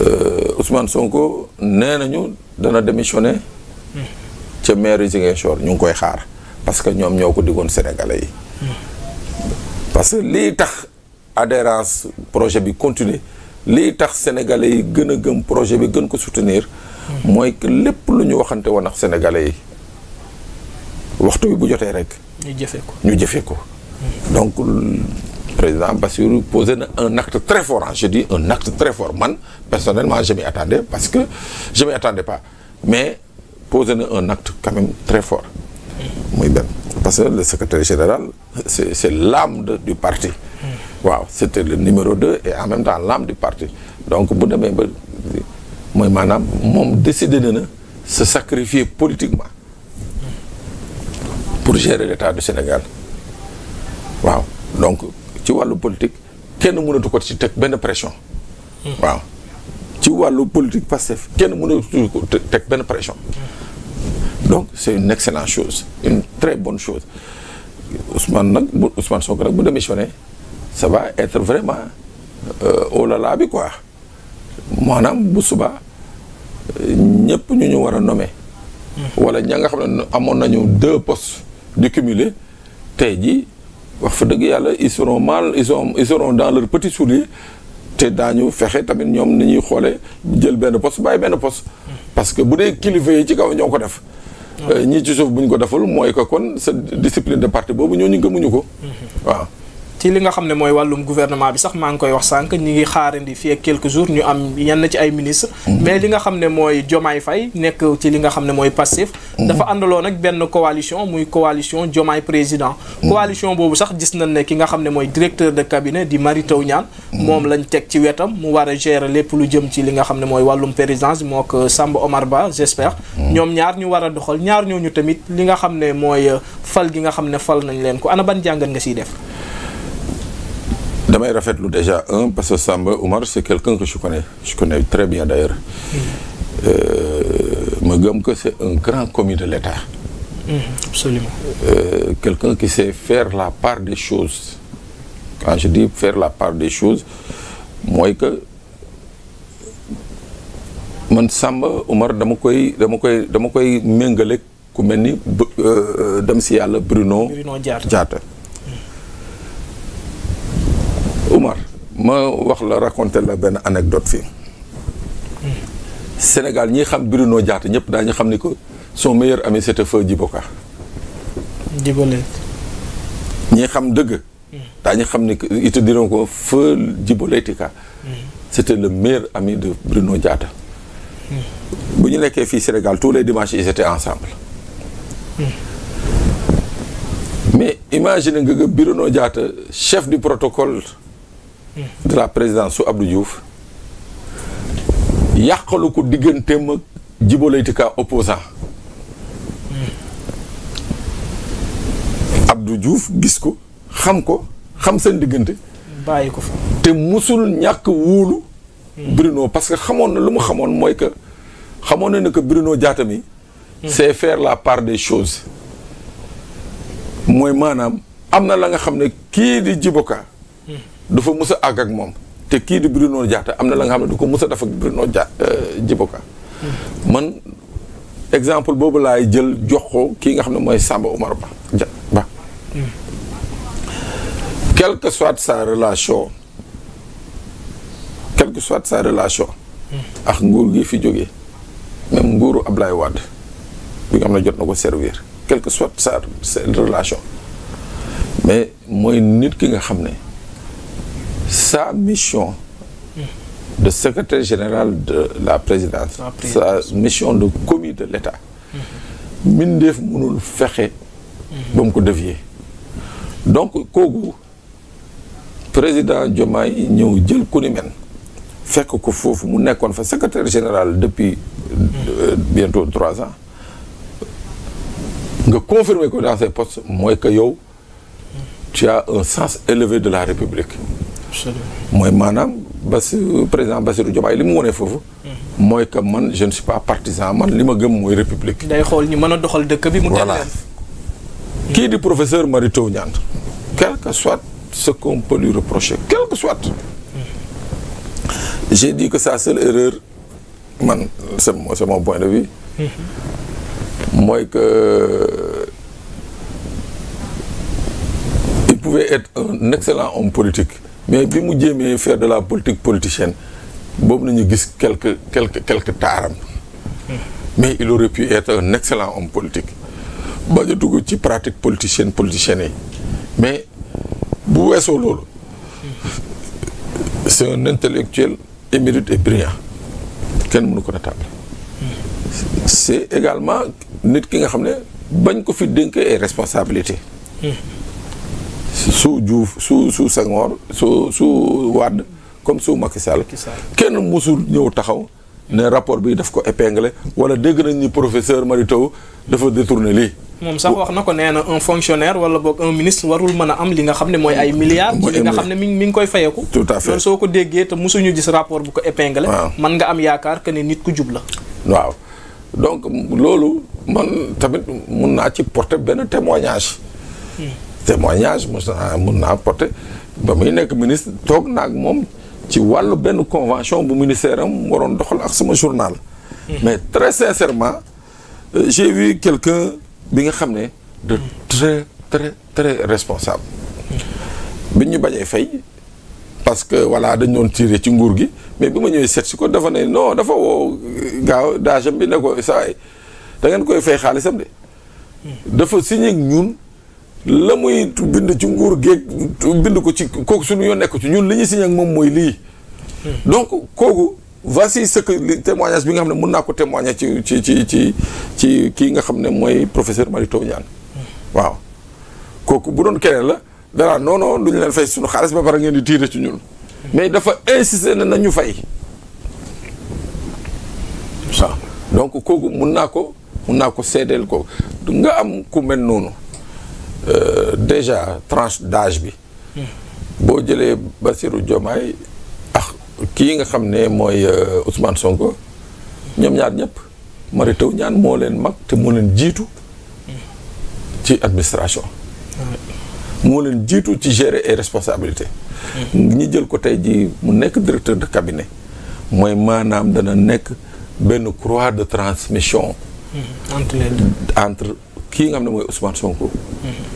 euh, Ousmane Sonko nee nañu dana démissionné ca maire Ziguinchor ñu ngi koy xaar parce que ñoom ñoo ko diggoon Sénégalais yi parce que lii tax adhérence projet bi continuer lii tax Sénégalais yi gën a gëm projet bi gën ko soutenir mooy que lépp lu ñu waxante woon ak sénégalais yi waxtu bi bu jotee rek. ñu jëfee ko ñu jëfee ko. donc président Bassirou posé na un acte très fort ah je un acte très fort man personnellement je m'y parce que je m'y attendais pas mais posé na un acte quand même très fort. muy benn parce que le secretaire général c'est c'est l'âme du parti. Mm. waaw c'était le numéro 2 et en même temps l'âme du parti donc bu demee mooy maanaam moom décidé na na se sacrifier politiquement pour gérer l'état du Sénégal waaw donc ci wàllu politique kenn mënatu ko ci teg benn pression. waaw wàllu politique Pastef kenn mënatu benn pression. donc c'est une excellente chose une très bonne chose Ousmane nag bu Ousmane Sonko nag bu démissionné ça va vraiment oh euh, là bi quoi maanaam bu subaa. ñëpp ñu ñu war a nommer. wala ña nga xam ne amoon nañu deux postes di cumuler tey ji wax fa dëgg yàlla ils seront mal ils sont ils seront dans leur petit soulier te daañu fexe tamit ñoom ni ñuy xoolee jël benn poste bàyyi benn post parce que bu dee kilifa yi ci kaw ñoo ko def. ñii ci suuf bu ñu ko deful mooy que kon sa discipline de parti boobu ñoo ñooñu gëmuñu ko. Mm-hmm. waaw.
ci li nga xam ne mooy wàllum gouvernement bi sax maa ngi koy wax sànq ñi ngi xaarandi fii ak quelques ñu am yenn ci ay ministre mhm. mais li nga xam ne mooy Jomaay Fay nekk ci li nga xam ne mooy Pastef mhm. dafa àndaloo nag benn coalition muy coalition Jomaay président mhm. coalition boobu sax gis nañ ne ki nga xam ne mooy directeur de cabinet di Mary Teuw Niane moom lañ teg ci wetam mu a gérer lépp lu jëm ci li nga xam ne mooy wàllum présidence moo ko euh, Samba Omar Ba j'espère ñoom ñaar ñu war a doxal ñaar ñooñu tamit li nga xam ne mooy euh, fal gi nga xam ne fal nañ leen ko ana ban jàngat nga siy
def damay rafetlu déjà un parce que Samba Oumar c'est quelqu'un que je connais très bien d'ailleurs euh, ma que c'est un grand commis de l'État
mmh, absolument
euh, quelqu'un qui sait faire la part des choses quand je dis faire la part des chose mooy que man Samba Oumar dama koy dama koy dama koy méngale ku mel ni euh, dem si yàlla Bruno
Diatta
Omar ma wax la raconter la benn anecdote fii Sénégal ñi xam Bruno Diatta ñëpp daañu xam ni ko son meilleur ami c'était feu Djiboka Djibo Leyti ñi xam dëgg hmm. xam ni que ils hmm. c'était le meilleur ami de Bruno Diatta hmm. bu ñu nekkee fii Sénégal tous les dimanches ils étaient ensemble mais imagine nga nga Bruno chef du protocole de président su Abdou juuf yàqalu ko digganteem ak Djibo Leyti Ka opposant Abdou Diouf gis ko xam ko xam seen diggante. bàyyi ko fa te musul ñàkk wóolu. Bruno parce que xamoon na lu mu xamoon mooy que xamoon na ne que Bruno Diatta mi. c'est faire la part des choses. mooy maanaam am na la nga xam ne kii di Djibo Ka dafa mus a àgg ak moom te kii di Bruno Diatta am na la nga xam ne du ko mus a def ak Bruno Diatta euh, Djibo Ka man exemple boobu laay jël jox ko kii nga xam ne mooy Samba Omar Ba Ba quelle soit sa relation quelle ak nguur gi fi jóge même nguuru Ablaye Wade bi nga xam ne jot na ko servir quelle que soit sa relation mais mooy nit ki nga xam ne Sa mission de secrétaire général de la présidence, la présidence. sa mission de commis de l'État mbindeef mënul fexe ba ko dévier donc kooku président Diomaye ñëw jël ku ni men fekk ko foofu mu nekkoon fa secretaire général depuis euh, bientôt trois ans nga confirmer ko dans ses postes mooy que yow tu as un sens élevé de la République mooy maanaam bas président Bassirou Diomaye li mu wone foofu. Mhm. mooy que man je ne suis pas partisan man li ma gëm mooy république. day xool ñu mën a doxal dëkk bi mu. voilà kii di professeur Mary Teuw quel que soit ce qu'on peut lui reprocher quel que soit. Mhm. j'ai dit que sa seule erreur man c'est c'est mon point de vue. Mhm. mooy que il pouvait être un excellent homme politique. mais bi mu jéemee faire de la politique politicienne boobu ñu gis quelque quelque quelque taaram mais il aurait pu être un excellent homme politique ba ñu dugg ci pratique politicienne politicienne yi mais bu weesoo loolu c'est un intellectuel émérite et brillant kenn mënu ko natable c'est également nit ki nga xam ne bañ ko fi dénkee ay responsabilité su juuf su su Senghor su su Wade comme su Macky Sall kenn mësul ñëw taxaw ne rapport bi daf ko épinglé wala dégg nañ ni professeur Mary Teuw dafa détourné lii
moom sax wax na ko nee na un fonctionnaire wala boog un ministre warul mën a am li nga xam ne mooy ay milliards ci nga xam ne mi mi ngi koy fayeku tout à fait soo ko déggee te mosuñu gis rapport bu ko épinglé man nga am yaakaar que ne nit ku jub la
waaw donc loolu man tamit mun naa ci porter benn témoignage hmm. témoignage mos naa mun naa apporter ba muy nekk ministre toog ak moom ci wàllu benn convention bu ministère am waroon doxal ak suma journal. Hmm. mais très sincèrement euh, j'ai vu quelqu'un bi nga xam ne de très très très responsable. bi ñu bañee fay parce que voilà dañ doon tiré ci nguur gi mais bi ma ñëwee seet si ko dafa ne non dafa woo euh, gaaw daajam bi ne ko saa da ngeen koy fay xaalisam de. Hmm. dafa signé ñun. la muy bind ci nguur géeg bind ko ci kooku suñu yoon nekk ci ñun li ñuy signé ak moom mooy lii hmm. donc kooku voici ce que témoignage bi nga xam ne mën naa ko témoigner ci ci ci ci ci kii nga xam ne mooy professeur Mary Teuw Niane hmm. waaw kooku bu doon keneen la danaa non non duñu leen fay suñu xaalis ba pare ngeen di tiire ci ñun mais dafa insister na nañu fay hmm. donc kooku mun naa ko mun naa ko seedeel ko nga am ku mel noonu Euh, déjà tranche d'âge bi. boo jëlee Bassirou Diomaye ak kii nga xam ne mooy euh, Ousmane Sonko ñoom ñaar ñëpp Mary Teuw Niane moo leen mag te moo leen jiitu ci administration. moo leen jiitu ci gérer et responsabilité. ñi jël ko tey jii mu nekk directeur de cabinet mooy maanaam dana nekk benn croix de transmission. entre entre. kii nga xam ne mooy Ousmane Sonko.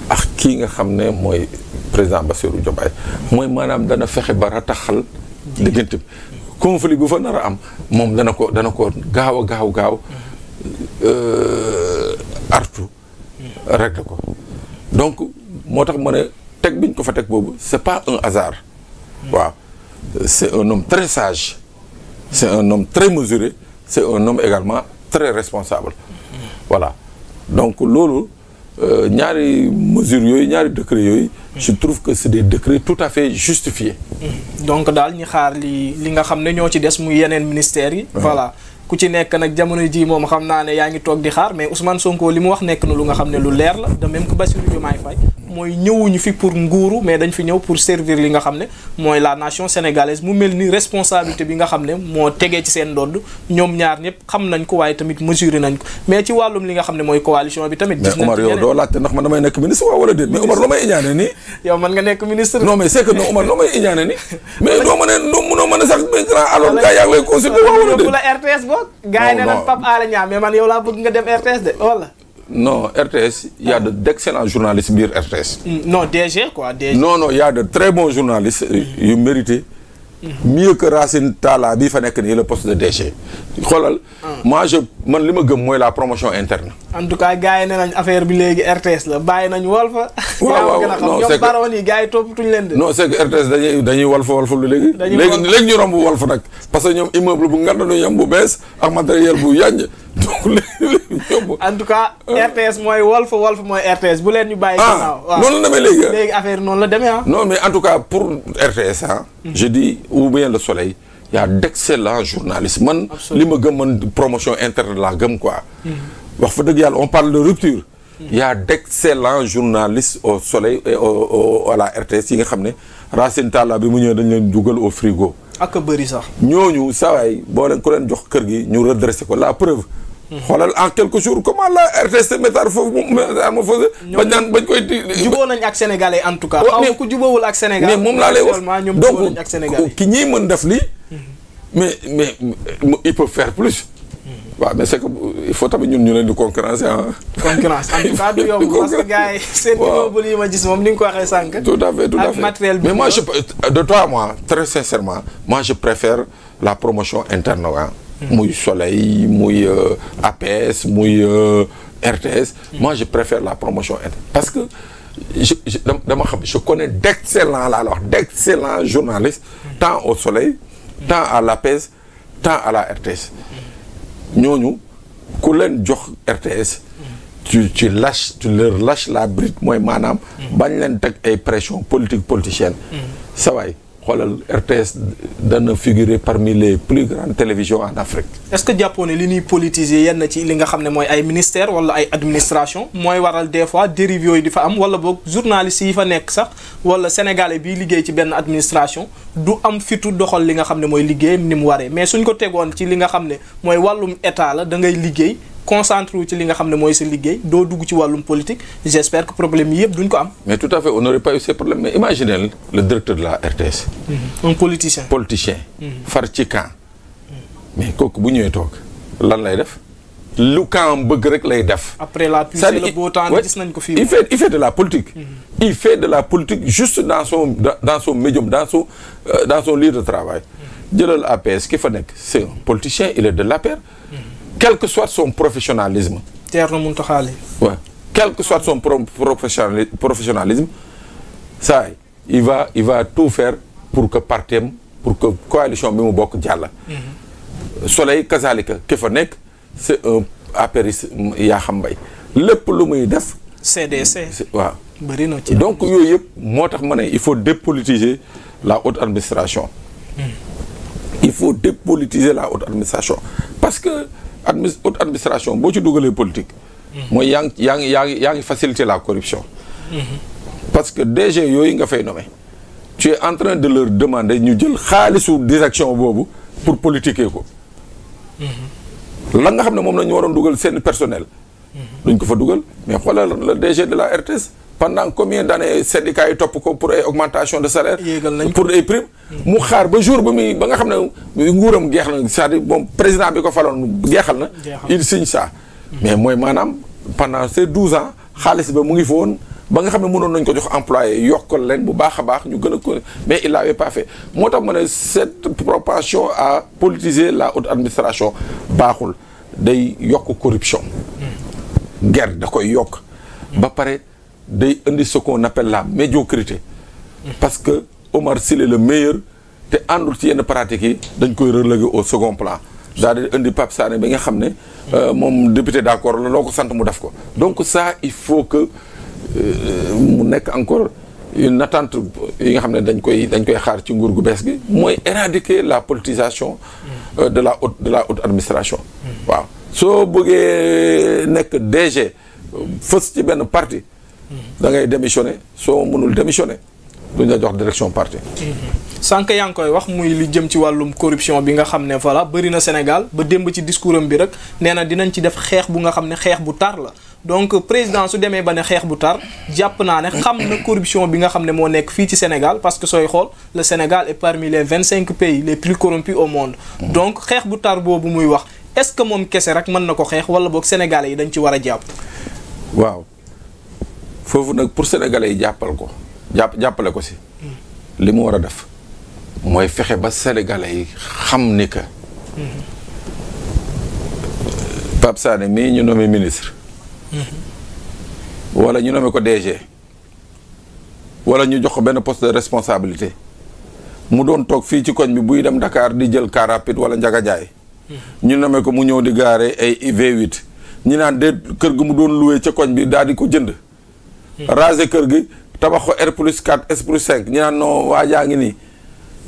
ak kii nga xam ne mooy président Bassirou Diomaye mooy maanaam dana fexe ba rataxal diggante bi conflit bu fa nar a am moom dana ko dana ko gaaw a gaaw gaaw euh, artu régler ko donc moo tax ma ne teg biñ ko fa teg boobu c'est pas un hasard waaw c'est un homme très sage c'est un homme très mesuré c'est un nom également très responsable voilà donc loolu euh, ñaari mesures yooyu ñaari décrets yooyu. je trouve que c'est des décrets tout à fait justifiés.
Mm-hmm. donc daal ñu xaar li li nga xam ne ñoo ci des muy yeneen ministères yi. voilà ku ci nekk nag jamono ji moom xam naa ne yaa ngi toog di xaar mais Ousmane Sonko li mu wax nekk na lu nga xam ne lu leer la de même que Bassirou Diomaye Faye. mooy ñëwuñu fi pour nguuru mais dañ fi ñëw pour servir li nga xam ne mooy la nation sénégalaise mu mel ni responsabilité bi nga xam ne moo tegee ci seen dodd ñoom ñaar ñëpp xam nañ ko waaye tamit mesuré nañ ko mais ci wàllum li nga xam ne mooy coalition bi tamit mais Omar yow doo
laajte ndax man damay nekk loo may iñaane nii <laughs> yow man nga nekk
ministre non mais c'est que non Omar loo may iñaane ni
<laughs> mais doo mën a doo a sax mais grand alors gars yaa ngi lay consulter waaw wala déet bu la
RTS boog gars yi ne nag Pape Alé Niang mais man yow laa bëgg nga dem RTS de
non RTS il y a de d'excellents journalistes biir RTS. Mm, no DG quoi DG. non non il y a de très bons journalistes. yu mm. mérité. Mm-hmm. mieux que Racine Talla bii fa nekk nii le poste de DG. xoolal. Ah. moi man li ma gëm mooy la promotion interne.
en tout cas gars yi ne nañ affaire bi léegi RTS la bàyyi nañu Walf. waaw <laughs> waaw non yi gars yi leen de. non c'est que RTS
dañuy dañuy Walf Walf lu léegi. léegi léegi ñu romb Walf nag. parce que ñoom immeuble bu ngand ñu yem bu bees ak matériel bu yànj.
donc <laughs> en tout cas RTS mooy Walf Walf mooy RTS bu leen ñu bàyyi. ah noonu la demee léegi léegi affaire noonu la demee
ah.
non mais en tout cas pour RTS ah, mhm. je dis ou bien le soleil. y a d'excellents journalistes man. li ma gëm man promotion interne laa gëm quoi. Mhm. wax fa dëgg yàlla on parle de rupture. il y a d'excellents journalistes au soleil et au, au, à la RTS yi nga xam ne Racine Talla bi mu ñëwee dañ leen dugal au frigo. ak bëri sax. ñooñu sawaay boo leen ku leen jox kër gi ñu redressé ko la preuve. xoolal en quelques jours comment la RTS métar foofu mu métar ma foofu. bañ naan bañ koy.
jubóo nañ ak sénégalais en tout cas. mais ku jubóowul ak Sénégal. mais moom laa
mais mais il peut faire plus. waaw mais c' est que il faut tamit ñun ñu leen di concurrence ah.
concurrence en tout cas du
<laughs> ma gis moom ni nga ko waxee sànq. tout à fait tout à fait mais moi je de toi moi très sincèrement moi je la promotion interne ah. muy Soleil muy euh, APS muy euh, RTS. Hmm. moi je préfère la promotion interne parce que. je je dama xam je connais d'excellents la wax d'excellents journalistes hmm. tant au Soleil tant à l'APS tant à la RTS ñooñu ku leen jox RTS tu tu lâches tu la bride mooy maanaam mm. bañ leen teg ay pression politique politicienne
mm.
sa xoolal RTS dana figurer parmi les plus grandes télévisions en Afrique. est-ce que jàppoo ne li ñuy politiser yenn ci li nga xam ne mooy ay ministère wala
ay administration mooy waral des fois dérive yooyu di fa am wala boog journaliste yi fa nekk sax wala sénégalais bi liggéey ci benn administration du am fitu doxal li nga xam ne mooy liggéeyam ni mu waree mais suñ ko tegoon ci li nga xam ne mooy wàllum état la da ngay liggéey. concentré wu ci li nga xam ne mooy sa liggéey doo dugg ci wàllum politique j' espère que problème yi yëpp duñ ko am.
mais tout à fait on n'aurait pas eu ces problèmes directeur de la RTS. Mmh. Mm-hmm. far ci camp. mais kooku bu ñëwee toog lan lay def. lu camp bëgg rek lay def. après la pluie c'est le beau gis nañ ko fii. il fait il fait de la politique. Mmh. fait de la politique juste dans son dans son médium dans son euh, de travail. Mm-hmm. jëlal APS ki fa nekk c' est il est quel que soit son professionnalisme. Thierno Mountakha waaw quel que soit son pro professionnalisme ça il va il va tout fair pour que partem pour que coalition bi mu bokk jàll. Mhm. Soleil kazalika ki fa nekk c'est un apériste yaa xam mbay lépp lu muy def. CDC waaw. na ci donc yooyu yëpp moo tax ma ne il faut dépolitiser la haute administration. Mhm. il faut administration parce que. admis haute administration boo ci dugalee politique. Mhm. mooy yaa ngi yaa ngi yaa ngi yaa ngi faciliter la corruption. Mhm. parce que DG yooyu nga fay nommé. ci es de leur demander ñu jël xaalisu direction boobu pour politiquer ko.
Mhm. lan nga xam ne moom la ñu waroon
dugal seen personnel. duñ ko fa dugal mais xoolal le DG de la RTS. pendant combien d'années syndicats yi topp ko pour ay augmentation de salaire. pour ay primes. mu xaar ba jour ba muy ba nga xam ne nguuram geex na c'est-à-dire moom président bi ko faloon geexal na. il signe ça. mais mooy maanaam pendant ces douze ans xaalis ba mu ngi fa ba nga xam ne mënoon nañ ko jox employé yokkal leen bu baax a baax ñu gën a ko mais il l'avait pas fait moo tax ma ne cette propension à politiser la haute administration baaxul day yokk corruption. Hmm. guerre da koy yokk. day indi ce qu'on appelle la médiocrité parce que Omar Sylla le meilleur te àndul ci yenn pratiques yi dañ koy relégué au second plan daal indi Pape Sané bi nga xam ne euh, moom député d'accord la loo ko sant mu def ko donc ça il faut que euh, mu nekk encore une attente yi nga xam ne dañ koy dañ koy xaar ci nguur gu bees gi mooy éradiquer la politisation euh, de la haute de la haute administration mm. waaw soo bëggee nekk DG fës ci benn parti da ngay démissionné soo mënul démissionné duñ nga jox direction parti.
Mhm. sànq yaa ngi koy wax muy li jëm ci wàllum corruption bi nga xam ne voilà bëri na Sénégal ba démb ci discours bi rek nee dinañ ci def xeex bu nga xam ne xeex bu tar la. donc président su demee ba ne xeex bu tar jàpp naa ne xam na bi nga xam ne moo nekk fii ci Sénégal parce que sooy xool le Sénégal est parmi cinq pays les plus corrompus au monde. donc xeex bu tar boobu muy wax est-ce que moom kese rek mën na ko xeex wala boog sénégalais yi dañ ci war a jàpp.
waaw foofu nag pour sénégalais yi jàppal ko jàpp jàppale ko si li mu war a def mooy fexe ba sénégalais yi xam ni que Pape Sané mii ñu nommé ministre walla ñu nommé ko DG wala ñu jox ko benn poste de responsabilité mu doon toog fii ci koñ bi buy dem ndakaar di jël car rapide wala Njaga Njaay ñu nommé ko mu ñëw di gaare ay V8 ñu naan de kër gi mu doon loué ci koñ bi daal di ko jënd raser kër gi tabax ko R plus 4 S plus 5 ñu naan noo waa jaa ngi nii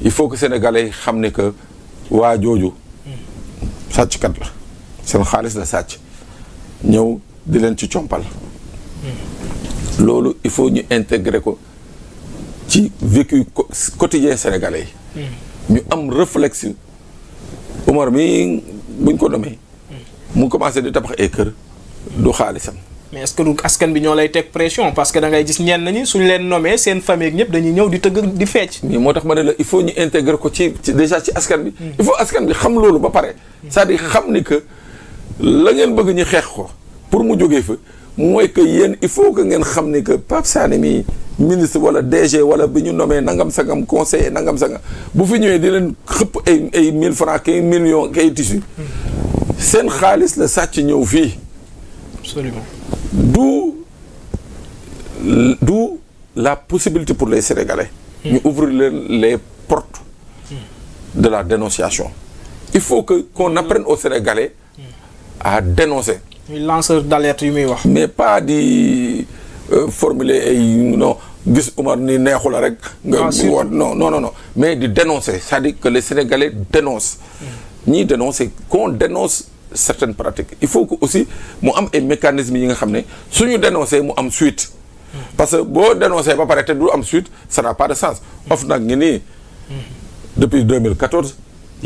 il faut que sénégalais xam ne que waa jooju sàcckat la seen xaalis la sàcc ñëw di leen ci compal loolu il faut ñu intégrer ko ci vécu quotidien sénégalais yi ñu am réflexe Umar mi buñ ko nomee mu commencé di tabax ay kër du xaalisam
mais est du askan bi ñoo lay teg pression parce que da ngay gis ñenn ñi suñ leen nomee seen famille ak ñëpp dañuy
ñëw di tëgg di fecc. moo tax ma ne la il faut ñu intégrer ko ci déjà ci askan bi. Hmm. il faut askan bi xam loolu ba pare. Hmm. c'est-à-dire xam ni que la ngeen bëgg ñu xeex ko pour mu jógee fa mooy que yéen il faut que ngeen xam ni que Pape Sané mii ministre wala DG wala bi ñu nommé nangam sangam conseiller nangam sangam bu fi ñëwee di leen xëpp ay ay mille francs kay millions kay tissu. Hmm. seen xaalis la sàcc ñëw fii.
absolument.
d'où
d'où la possibilité pour les Sénégalais hmm. ñu ouvrir leen les portes hmm. de la dénonciation il faut que qu'on hmm. apprenne aux Sénégalais à dénoncer yu muy wax mais pas di euh, formuler ay non gis Umar ni neexu la rek nga woon non non mais di dénoncer c'est-à-dire que les Sénégalais dénoncent ñi dénoncer qu'on dénonce certaines pratiques il faut que aussi mu am ay mécanismes yi nga xam ne suñu dénoncé mu am suite parce que boo dénoncé ba pare te du am suite ça n'a pas de sens of nag ngi nii depuis 2014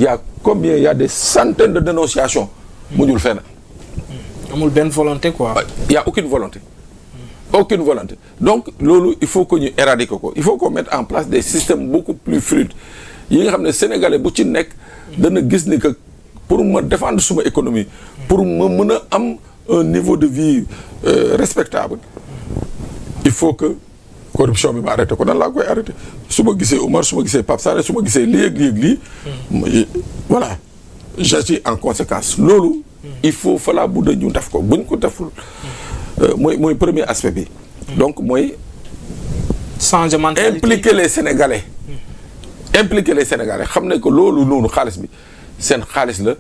a combien il y a des centaines de dénonciations mujjul fenn
amul benn volonté quoi
il y a aucune volonté aucune volonté donc loolu il faut que ñu éradiquer ko il faut qu'on mette en place des systèmes beaucoup plus fluides yi nga xam ne sénégalais bu ci nekk dana gis ni que pour ma défendre suma économie pour ma mën a am un niveau de vie euh, respectable il faut que corruption bi ma arrêté ko nan laa koy arrêté su ma gisee Umar su ma gisee Pape Sarr su ma gisee lii ak lii ak lii voilà j'agis en conséquence loolu il faut falaa bu ñu def ko buñ ko deful euh, mooy mooy premier aspect bi donc mooy changement impliquer les Sénégalais impliquer les Sénégalais xam ne ko loolu noonu xaalis bi seen xaalis la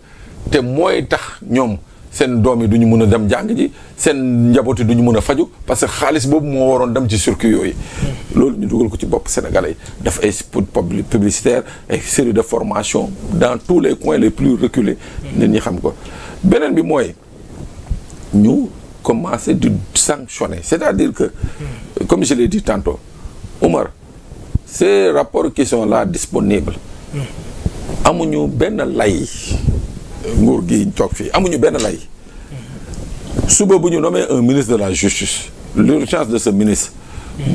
te mooy tax ñoom seen doom yi du ñu mën a dem jàng ji seen njaboot yi du ñu mën a faju parce que xaalis boobu moo waroon dem ci circuit yooyu. loolu ñu dugal ko ci bopp sénégal yi def ay spots publicitaires ay série de formation dans tous les coins les plus reculés. nit ñi xam ko beneen bi mooy ñu commencer di sanctionner c'est-à-dire que. comme je l'ai di tantôt Omar ces rapport qui la là disponibles. amuñu benn lay nguur gi toog fii amuñu benn lay suba bu ñu nommé un ministre de la justice l'urgence de ce ministre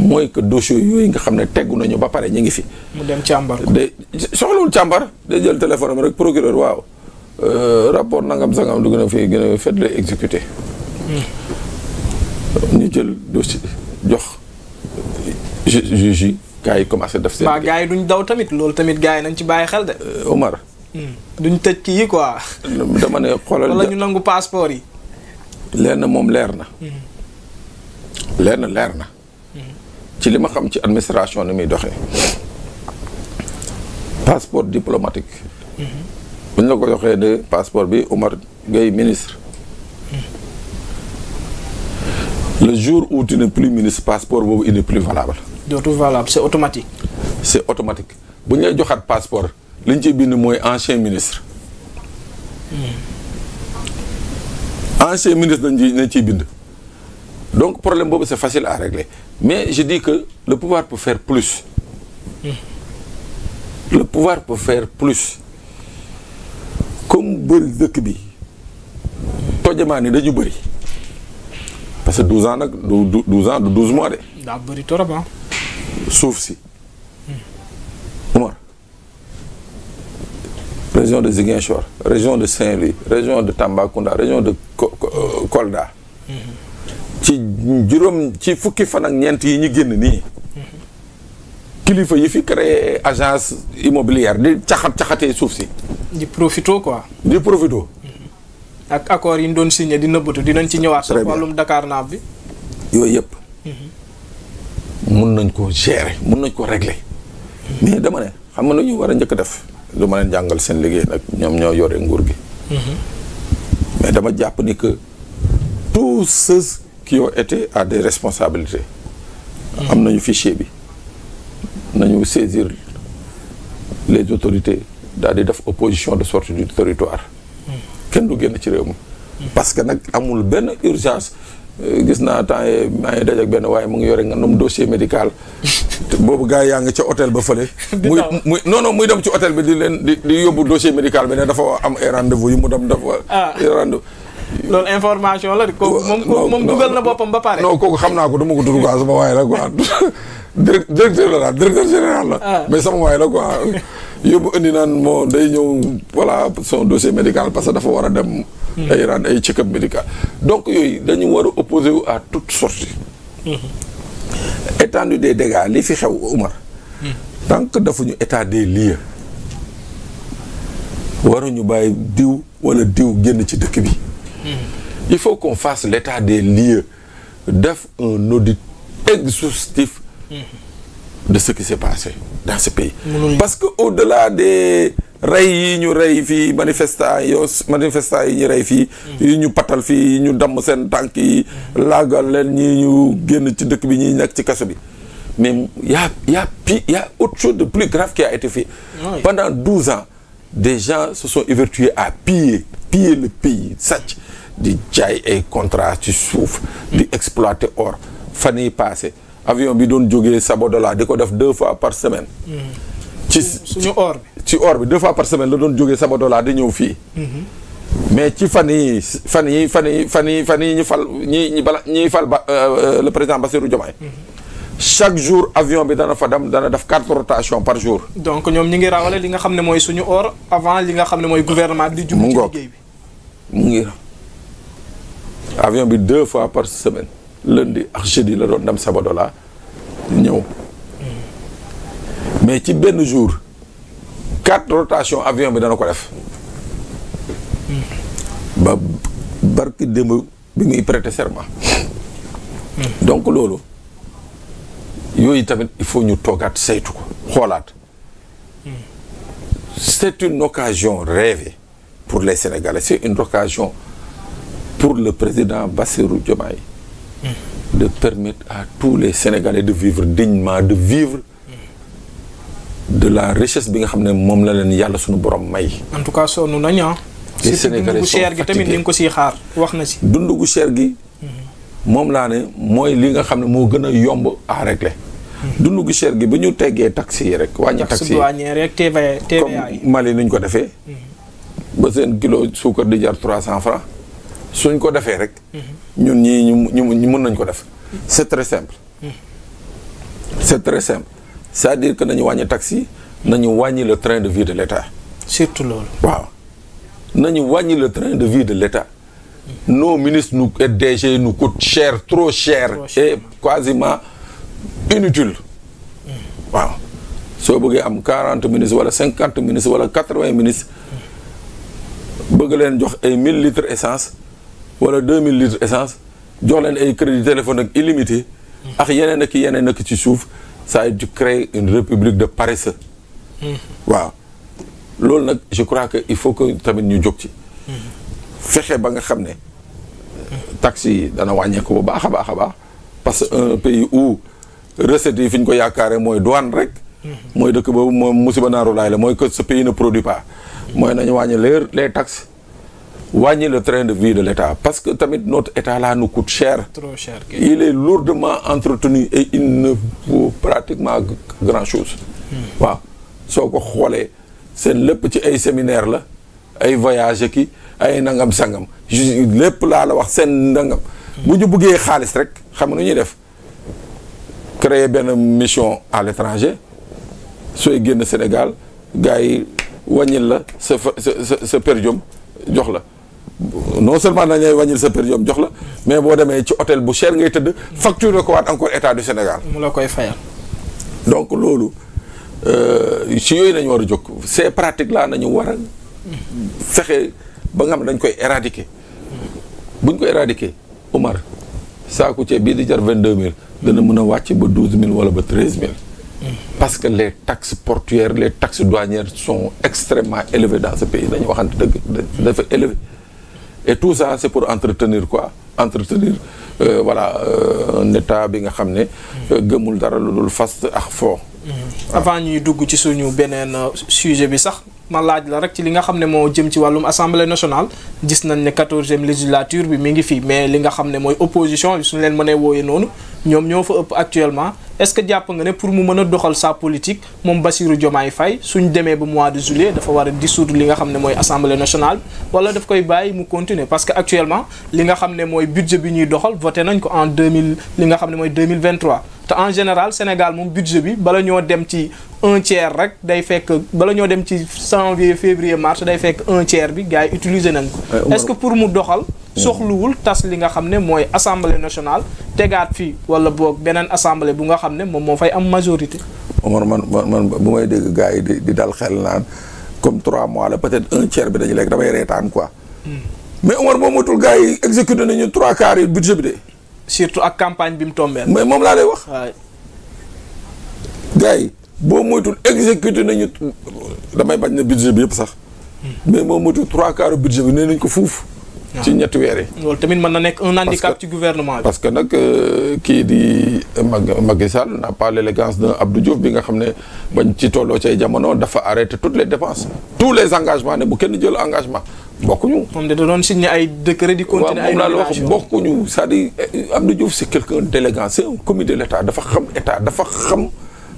mooy que dossier yooyu nga xam ne tegu nañu ba pare ñu ngi fi.
mu
dem
càmbar ko de soxlawul càmbar day jël téléphone am rek procureur waaw euh, rapport nangam sangam du gën a fi gën a fait le exécuté hmm. ñu jël dossier jox juge gars yi commencé def seen. waaw
gars yi duñ daw tamit loolu tamit gars yi nañ ci bàyyi xel de. Euh,
Omar. Hmm. duñ tëj kii yi quoi. <laughs> dama ne xoolal wala ñu nangu passeport yi. leer moom leer na. Hmm. leer na leer hmm. na. ci li ma xam ci administration ni muy doxee. passeport diplomatique. bu ñu la ko joxee de passeport bi Omar Gueye ministre. le jour où tu plus ministre passeport boobu il plus valable.
dootul valable c'est automatique.
c'est automatique bu ñu lay joxaat passeport li ñu ciy bind mooy ancien ministre. Hmm. ancien ministre dañ nañ ciy bind. donc problème boobu c'est facile à régler mais je dis que le pouvoir peut faire plus. Hmm. le pouvoir peut faire plus comme bëri dëkk bi tojamaan yi dañu bëri parce que ans nag du 12 ans du mois de. suuf si Omar région de Ziguinchor région de Saint-Louis région de Tambacounda région de Kolda ci juróom ci fukki fan ak ñeent yi ñu génn nii kilifa yi fi créé agence immobilière di caxat caxatee suuf si.
di profito quoi. di profito. ak accords yi ñu doon signé di nëbbatu dinañ ci ñëwaat. très bien wàllum Dakar bi.
yooyu yëpp. mun nañ koo gérer mun nañ koo régler mais dama ne xam nañu war a njëkk def lu ma leen jàngal seen liggéey nag ñoom ñoo yore nguur gi mhm. mais dama jàpp ni que tous ceux qui ont été à des responsabilités mhm. am nañu fichier bi nañu saisir les autorités daal di def opposition de sortie du territoire mhm. kenn du génn ci réew mi parce que nag amul benn urgence Eh, gis naa temps yii maa ngi benn waaye mu ngi yore nga nom dossier médical <laughs> boobu gars yaa ngi ca hôtel ba fële. <laughs> muy muy non non muy dem ci hôtel bi di leen di di yóbbu dossier médical bi ne dafa am ay rendez-vous yu mu dem dafa. ah rendez loolu information la kooku moom dugal na boppam ba pare. non kooku xam naa ko dama ko tudd quoi sama waay la quoi <laughs> directeur la daal directeur général la. Ah. mais sama waay la quoi. yóbbu indi naan moo day ñëw voilà son dossier médical parce que dafa war a dem. ay rendre ay check donc yooyu dañu war a opposer wu à toute sorte étendue des dégâts li fi xew Omar tant que dafuñu état des lieux waruñu bàyyi diw wala diw génn ci dëkk bi il faut qu'on fasse l'état des lieux def un audit exhaustif de ce qui s'est passé dans ce pays parce que au-delà des rey yi ñu rey fii manifestant yoo manifestant yi ñu rey fii mm. yi ñu pattal fii ñu damm seen tànk yi mm. laagal leen ñi ñu génn ci dëkk bi ñi nekk ci kaso bi mais y a y pi y a chose de plus grave qui a été fait oui. pendant douze ans des gens se sont évertués à piller piller le pays di jaay ay contrat ci suuf di mm. exploiter or fan yi passé avion bi doon jógee Sabodala di ko def deux fois par semaine ci suñu or bi ci or bi deux fois par semaine la doon jógee Sabodala di ñëw fii. Mhm. mais ci fan yi fan yi fan yi fan yi fan yi ñu fal ñi ñi bala fal ba euh, euh, le président Bassirou Diomaye. Mhm. chaque jour avion bi dana fa dem dana def quatre rotation par jour.
donc ñoom ñu ngi raawale li nga xam ne mooy suñu or avant li nga xam ne mooy gouvernement
bi. di jublu ci liggéey bi mu ngi avion bi deux fois par semaine lundi ak jeudi la doon dem Sabadola ñëw. mais ci benn jour quatre rotation avion bi dana ko def ba barki démb bi muy prêter serment donc loolu yooyu tamit il faut ñu toogaat saytu ko xoolaat c'est une occasion rêvée pour les Sénégalais c'est une occasion pour le président Bassirou Diomaye de permettre à tous les Sénégalais de vivre dignement de vivre de la richesse bi nga xam ne moom la leen yàlla suñu borom may.
en tout cas sonn nañ
ah. te Sénégalais gu cher gi tamit ñu ngi ko siy xaar wax na si. dund gu cher gi. moom laa ne mooy li nga xam ne moo gën a yomb à régler. dund gu cher gi ba ñu teggee taxi yi rek. wàññi taxi douanière
rek TVA TVA yi
comme Mali ni ñu ko defee. Mm-hmm. ba seen kilo suukar di jar trois cent francs suñ ko defee rek. Mm-hmm. ñun ñii ñu ñu mën nañ ko def. c'est très simple.
Mm-hmm.
c'est très simple. c'est-à-dire que nañu wàññi taxi nañu wàññi le train de vie de l'État. surtout loolu. waaw nañu wàññi le train de vie de l'État. nos ministres nous et DG nous coûtent cher trop cher. Trop cher. et quasiment inutile. waaw soo bëggee am quarante ministres wala cinquante ministres wala quatre-vingts ministres. bëgg leen jox ay mille litres essence wala deux mille litres essence jox leen ay crédit téléphone ak illimité. ak yeneen ak yeneen ak ci suuf. ça tu crées une république de paresseux. Mm-hmm. waaw loolu nag je crois que il faut que tamit ñu jóg ci. Mm-hmm. fexe ba nga xam ne. taxes yi dana wàññeeku bu baax a baax a baax parce que un pays où recettes yi fiñ ñu ko yaakaaree mooy douane rek. Mm-hmm. mooy dëkk boobu moom musiba naaru laay la mooy que sa pays ne produit pas. mooy nañu wàññi les les taxes. wàññi le de vie de l'État parce que tamit notre État cher. trop cher il est lourdement entretenu et il ne pratiquement grand chose. Hmm. waaw soo ko xoolee seen lépp ci ay séminaire la ay voyage ki ay nangam sangam lépp laa la wax seen nangam. Hmm. bu ñu buggee xaalis rek xam nga nu ñuy def créer benn mission à l'étranger sooy génn Sénégal gars yi wàññil la sa sa sa jox la. non seulement dañuy wàññil sa per jox la mais boo demee ci hôtel bu cher ngay tëdd facturé ko waat encore état du Sénégal.
mu la koy fayal.
donc loolu si euh, yooyu nañu war a jóg ces pratiques na nañu war a fexe ba nga xam dañ koy éradiquer buñ ko éradiquer Omar saaku ceeb bii di jar vingt deux mille dana mën a wàcc ba douze mille wala ba treize mille. parce que les tax portuaires les taxes douanières sont extrêmement élevées dans ce pays dañu waxante dëgg dafa élevé. et tout ça c'est pour entretenir quoi entretenir euh, voilà euh, un état bi nga xam ne euh, gëmul dara lu dul fast ak fort
mmh.
avant ñuy dugg ci suñu beneen euh, sujet bi sax ma laaj la rek ci li nga xam ne moo jëm ci wàllum assemblée nationale gis nañ ne quatorzième législature bi mi ngi fii mais li nga xam ne mooy opposition suñ leen mënee wooyee noonu ñoom ñoo fa ëpp actuellement est-ce que jàpp nga ne pour mu mën a doxal sa politique moom Bassirou Diomaye Faye suñ demee ba mois de juillet dafa war a dissoudre li nga xam ne mooy assemblée nationale wala daf koy bàyyi mu continuer parce que actuellement li nga xam ne mooy budget bi ñuy doxal voté nañ ko en 2000 li nga xam ne mooy 2023 te en général Sénégal moom budget bi bala ñoo dem ci un tiers rek day fekk bala ñoo dem ci janvier février mars day fekk un tiers bi gars yi utiliser nañ ko euh, est que pour mu doxal soxluwul tas li nga xam ne mooy assemblée nationale tegaat fii wala boog beneen assemblée bu nga xam ne moom moo fay am majorité.
Omar man man bu may dégg gars yi di di dal xel naan mois la peut-être un bi dañu lekk damay reetaan quoi. Hmm. mais Omar moom matul gars yi exécuté nañu trois quarts yi budget bi de. surtout ak campagne bi mu tombé. mais moom laa lay wax. gars yi boo moytul exécuté nañu damay bañ na budget bi yëpp sax. Hmm. mais moom moytul trois quarts budget bi nee nañ ko fuuf. ci ñetti weer tamit mën na nekk un handicap ci gouvernement bi. parce que nag euh, kii di Macky Sall n'a pas l'élégance d'un Abdou Diouf bi nga xam ne bañ ci tolloo cay jamono dafa arrêté toutes les dépenses tous les engagements ne bu kenn jël engagement bokkuñu. moom da doon signé ay di ay la wax bokkuñu c'est-à-dire euh, Abdou Diouf c'est quelqu'un d'élégant c'est un commis de l'État dafa xam État dafa xam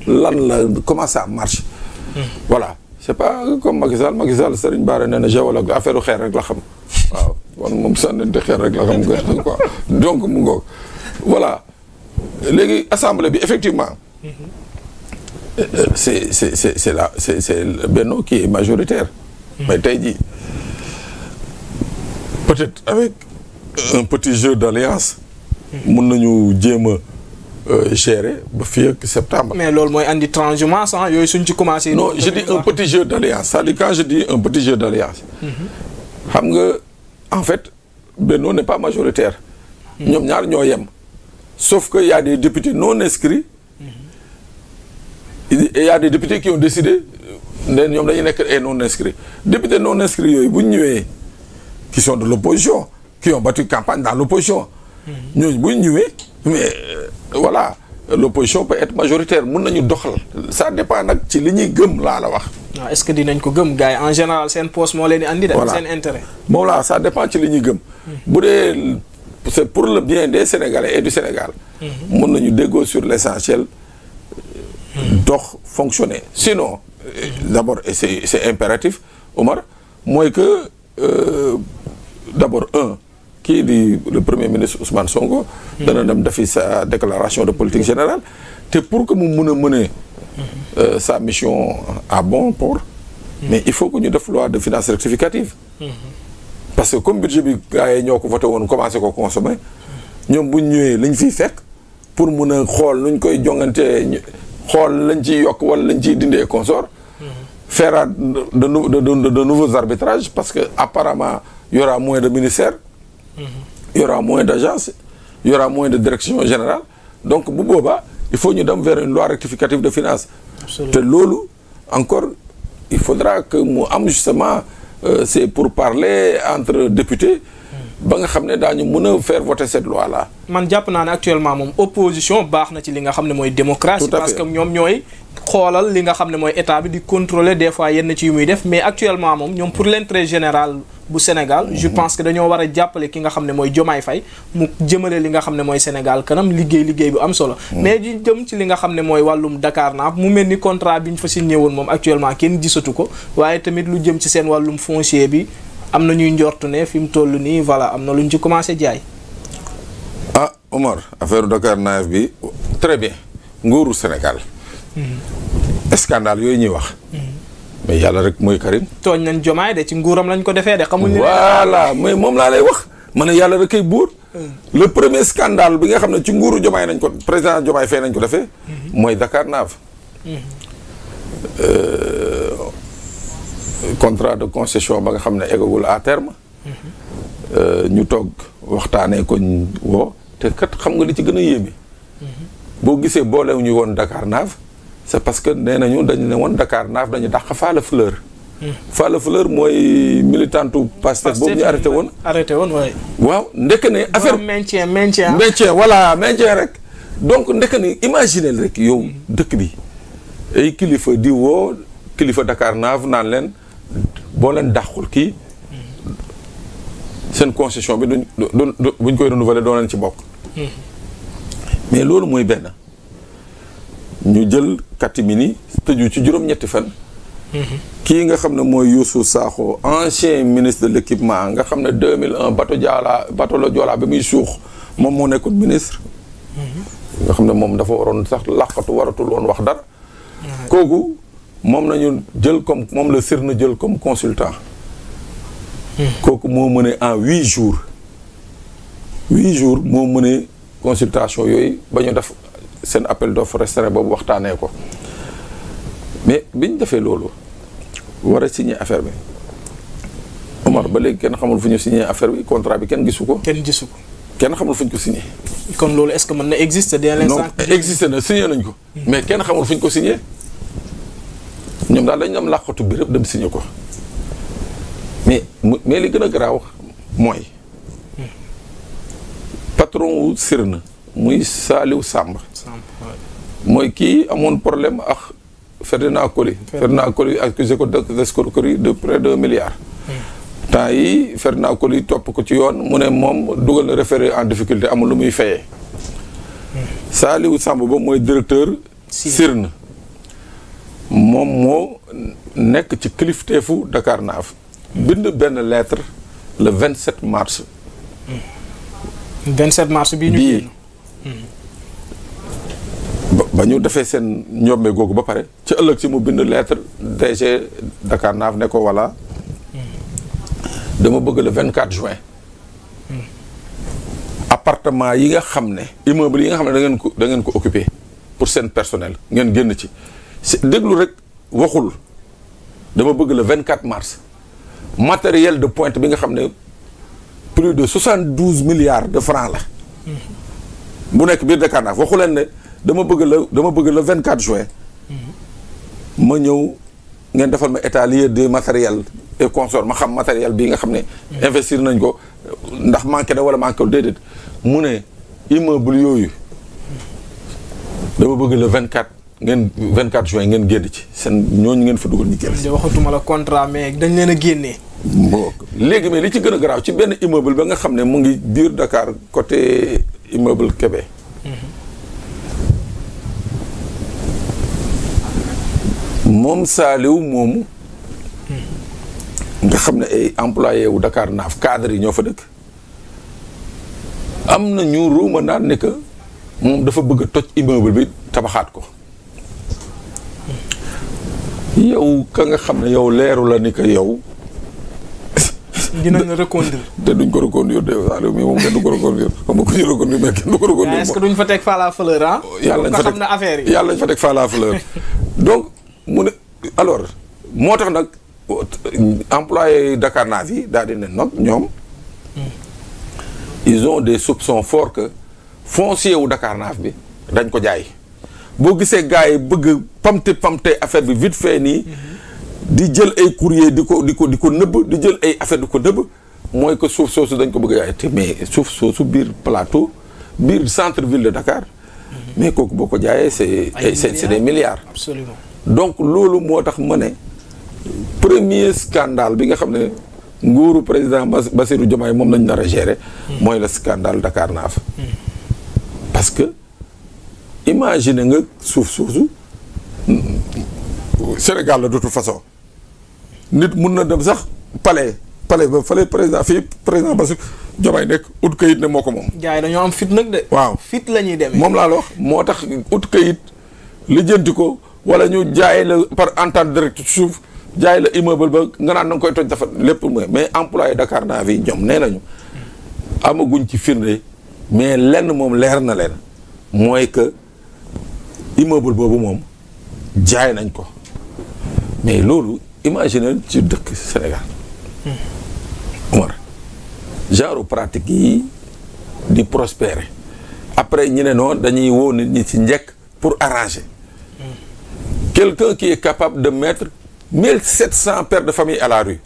lan la comment ça marche. Hmm. voilà. c' est pas comme Macky Sall Macky Sall Serigne Bara nee na rek la xam waaw man moom sànnante xeer rek la xam nga quoi donc mu ngoog voilà léegi assemblée bi effectivement. Euh, c' est c' est c' est la c' est c' est majoritaire. mais tey jii peut-être avec un petit jeu d' alliance. mun nañu jéem Euh, gérer ba fii ak septembre. mais loolu mooy andi transhumance ah yooyu suñ ci commencé. non je dis un petit jeu d'alliance c'est-à-dire quand je dis un petit d'alliance.
Mm-hmm.
xam nga en fet Benno n'est pas majoritaire. Mm-hmm. ñoom ñaar ñoo yem. sauf que y a des députés non inscrits. et mm-hmm. y a des députés qui ont décidé ne ñoom dañuy nekk ay non inscrits députés non inscrits yooyu bu ñu ñëwee qui de l'opposition qui ont battu campagne dans l'opposition bu ñu mais euh, voilà l'opposition peut être majoritaire mun nañu doxal sa dépend nag ci li ñuy gëm laa la wax.
waaw ah, est-ce que dinañ ko gëm gars yi en général seen poste moo leen di andi. voilà seen intérêt.
moom laa ça dépend ci li ñuy gëm. Hmm. bu dee c'est pour le bien des Sénégalais et du Sénégal. mun hmm. nañu déggoo sur l'essentiel. Hmm. dox fonctionner sinon. d'abord et c'est impératif Omar mooy que euh, d'abord kii di le premier ministre Ousmane Sonko. dana dem defi sa déclaration de politique générale. te pour que mu mën a mener. Euh, sa mission a bon port. mais il faut que ñu def loi de finances rectificative. parce que comme budget bi gars yi ñoo ko voté woon commencé ko consommer. ñoom bu ñu lañ fiy fekk pour mun a xool lañ koy jongantee xool lañ ciy yokk wala lañ ciy dindee consort faire de de de nouveaux arbitrages parce que apparemment y aura moins de ministères. il y aura moins d'agence il y aura moins de direction générale donc bu boobaa il faut ñu dem vers une loi rectificative de finances te loolu encore il faudra que mu am justement euh, c'est pour parler entre députés hmm. ba nga xam ne daañu mën a faire voter cette loi là.
man jàpp naa ne actuellement moom opposition baax na ci li nga xam ne mooy démocratie parce que ñoom ñooy xoolal li nga xam ne mooy état bi di contrôler des fois yenn ci yu muy def mais actuellement moom ñoom pour l'intérêt général bu Sénégal mhm. je pense que dañoo war a jàppale ki nga xam ne mooy Diomaye fay mu jëmale li nga xam ne mooy Sénégal kanam liggéey liggéey bu am solo mhm. mais di jëm ci li nga xam ne mooy wàllum Dakar naab mu mel ni contrat bi ñu fa signé woon moom actuellement kenn gisatu ko waaye tamit lu jëm ci seen wàllum foncier bi am na ñuy njortu ne fi mu toll nii voilà am na lu ñu ci commencé jaay
ah Omar affaire Dakar naaf bi très bien nguuru Sénégal mhm. scandale yooyu ñuy wax mais yàlla rek mooy Karim. tooñ nañ jomaay de ci nguuram lañ ko defee de. xamuñ ne voilà mais moom laa lay wax ma ne yàlla rek kay buur. Hmm. le premier scandale bi nga xam ne ci nguuru jomaay nañ ko président jomaay fee nañ ko defee. Hmm. mooy dakaar Nave. Hmm. Euh, contrat de concession ba nga xam ne eggagul à terme. Euh, ñu toog waxtaanee ko woo te kat xam nga li ci gën a yéeme. boo gisee boolewuñu woon Dakar Nave. c'est parce que nee nañu dañu ne woon Dakar naaf dañu dàq Falla Fleur. Hmm. Falla Fleur mooy militantu Pastef boobu ñu arrêté woon. arrêté woon waaw ndekk ne affaire
maintien maintien. maintien
voilà maintien rek. donc ndekk ne imaginez rek yow dëkk bi ay kilifa di woo kilifa Dakar naaf naan leen boo dàqul kii seen concession bi duñ duñ buñ koy renouveler doo leen ci bokk. Hmm. mais loolu mooy benn. ñu jël catimini tëju ci juróom-ñetti fan. kii nga xam ne mooy Youssou Sakho ancien ministre de l' nga xam ne 2001 bato Joola bato la Joola bi muy suux moom moo nekkoon ministre. nga xam ne moom dafa waroon sax làqatu waratul woon wax dara. kooku moom nañu jël comme moom la sir na jël comme consultant. Hmm. kooku moo mëne en huit jours. huit jours moo mëne consultation yooyu ba ñu def. seen appel d'offre restreint boobu waxtaanee ko mais bi ñu defee loolu war a signé affaire bi Omar ba léegi kenn xamul fu ñu signé affaire bi contrat bi kenn gisu ko. kenn gisu ko. kenn xamul fu ñu ko signé. kon loolu est-ce que mën na exister dès l'instant. non exister na signé nañ ko. mais kenn xamul fu ñu ko signé ñoom daal dañ dem làqatu bi rek dem signé ko mais mais li gën a garaaw mooy hmm. patron wu na muy Saliou Samb. mooy kii amoon problème ak Ferdinand Coly Ferdinand Coly accusé ko d'escroquerie de près de milliard hmm. temps yi Ferdinand Coly topp ko ci yoon mu ne moom dugal na référé en difficulté amul lu muy fayee hmm. Saliou Samb ba mooy directeur sirne moom moo nekk ci kilifteefu Dakar Naaf bind benn lettre le 27 mars 27 hmm. mars bii ñu ba ñu defee seen ñomme googu ba pare ci ëllëg si mu bind lettre DG Dakar Naaf ne ko voilà dama bëgg le 24 juin appartement yi nga xam ne immeuble yi nga xam ne da ngeen ko da ngeen ko occupé pour seen personnel ngeen génn ci déglu rek waxul dama bëgg le 24 mars matériel de pointe bi nga xam ne plus de 72 milliards de francs la bu nekk biir Dakar Naaf waxu leen ne dama bëgg la dama bëgg le 24 juin.
Mhm.
ma ñëw ngeen defal ma état lieu de matériel et consort ma xam matériel bii nga xam ne. Mhm. investir nañ ko ndax manqué na wala manqué wul déedéet mu ne immeuble yooyu dama bëgg vingt 24. ngeen quatre juin ngeen génn ci seen ñooñu ngeen fa dugal ñu génn.
de waxatuma la contrat mais dañ leen a génnee.
léegi mais li ci gën a garaaw ci benn immeuble ba nga xam ne mu ngi biir dakaar côté immeuble Kébé. Mhm. moom saaliw moom nga xam ne ay employé dakaar Dakar naaf cadre yi ñoo fa dëkk am na ñu ruuma naan ne que moom dafa bëgg a toj immeuble bi tabaxaat ko yow ka nga xam ne yow leeru la ni que yow dinañ la reconduire. <laughs> te duñ ko reconduire de Saliou mi moom kenn du ko reconduire xam ku ñu reconduire mais kenn du ko reconduire. est-ce que
duñ fa teg fa la fleur ah. yàlla ñu fa teg
yàlla ñu fa teg fa la fleur donc. mu ne alors moo tax nag employé dakaar Nav yi daal di ne nag ñoom ils ont des soupçons forts que foncier wu dakaar Nav bi dañ ko jaay boo gisee gars yi bëgg pamte pamte affaire bi vite fait nii di jël ay courrier di ko di ko di ko nëbb di jël ay affaire di ko nëbb mooy que suuf soosu dañ ko bëgg a jaay te mais suuf soosu biir plateau biir centre ville de Dakar mais kooku boo ko jaayee c'est c'est des milliards absolument donc loolu moo tax ma ne premier scandale bi nga xam ne nguuru président Bassirou Diomaye moom lañu nar a gérer. mooy le scandale Dakar Naaf. parce que imagine nga suuf soosu Sénégal la de toute façon nit mun na dem sax palais palais ba fale président fii président Bassirou Diomaye nekk ut kayit ne moo ko moom. gars yi dañoo am fit nag de. waaw la ñuy demee. moom laa la wax moo tax ut kayit lijjanti ko. wala ñu jaay la par entente directe suuf jaay la immeuble ba nga naan na koy toj dafa lépp mooy mais employé Dakar naa fi ñoom nee nañu amaguñ ci firnde mais lenn moom leer na leen mooy que immeuble boobu moom jaay nañ ko mais loolu imaginer ci dëkk Sénégal Omar genre pratique yi di prospérer après ñu ne noonu dañuy woo nit ñi si njëkk pour arranger quelqu'un qui est capable de mettre 1700 de famille à la rue.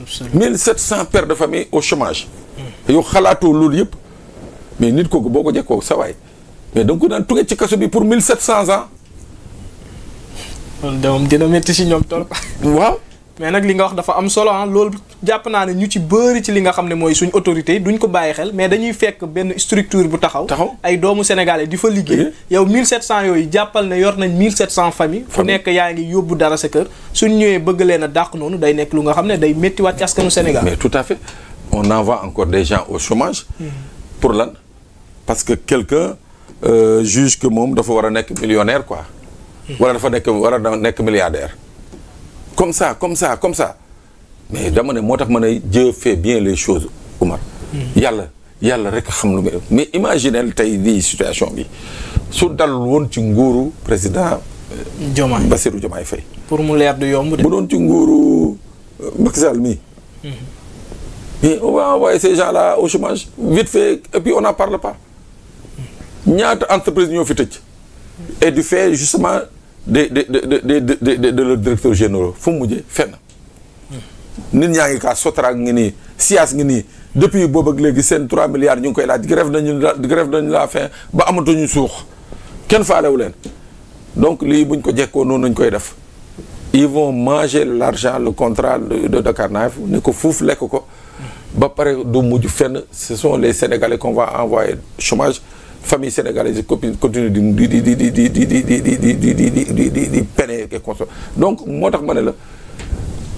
Absolument. 1700 de famille au chômage. yow xalaatoo loolu yëpp mais nit kooku boo ko jekkoo sa mais da ko daan tuggee ci kaso bi pour 1700 ans.
loolu de moom dina métti si ñoom trop.
waaw. mais nag li nga wax dafa am solo ah loolu jàpp
naa ne ñu ci bëri ci li nga xam ne mooy suñ autorité duñ ko bàyyi xel mais dañuy fekk benn structure bu taxaw taxaw ay doomu sénégalais di fa liggéey yow 1700 yooyu jàppal ne yor nañ 1700 famille fu nekk yaa ngi yóbbu dara sa kër suñ ñëwee bëgg leen a dàq noonu day nekk lu nga xam ne day méttiwaat ci askanu Sénégal mais
tout à fait on envoie encore des gens au mm-hmm. pour lan parce que quelque euh, juge que moom dafa war a nekk millionnaire quoi
mm-hmm. wala
dafa nekk war a nekk ça comme ça comme ça mais dama ne moo tax ma ne Dieu fait bien les choses Oumar. yàlla yàlla rek xam lu muy mais imaginez tey lii situation bi su dal woon ci nguuru président. Diomaye Bassirou Diomaye Faye. pour mu leer du yomb de. bu doon ci nguuru Macky Sall mii. mais on va envoyer ces gens au chômage vite fait et puis on n'en parle pas. ñaata entreprise ñoo fi tëj. et du fait justement des des des des de leurs directeurs généraux fu mu mujjee fenn. nit ñaa ngi ka sotraak ngi nii siyaas ngi nii depuis boobu ak léegi seen 3 milliards ñu ngi koy laaj grève nañu la grève nañu la fin ba amatuñu suux kenn faalewu leen donc lii buñ ko jekkoo noonu nañ koy def ils vont manger l'argent le contrat de Dakarnave ni ko fuuf lekk ko ba pare du mujj fenn ce sont les sénégale qu'on va envoyer chômage famille sénégalaise yi continue di di di di di di di di di di di di di di di peine donc moo tax ma ne la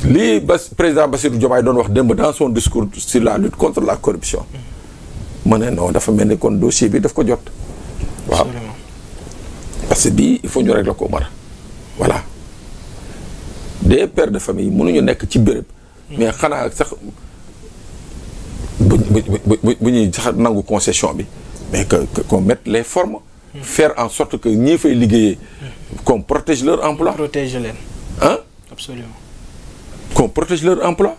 lii ba président Bassirou Diomaye doon wax démb dans son discours sur la lutte contre la corruption ma ne non dafa mel ni kon dossier bi daf ko jot waaw parce que bii il faut ñu régler ko Omar voilà des pères de famille mënuñu nekk ci béréb mais xanaa sax bu bu bu ñuy sax nangu concession bi mais que qu'on mette les formes faire en sorte que ñii fay liggéeyee qu'on protège leur emploi protège leen ah qu'on protège leur emploi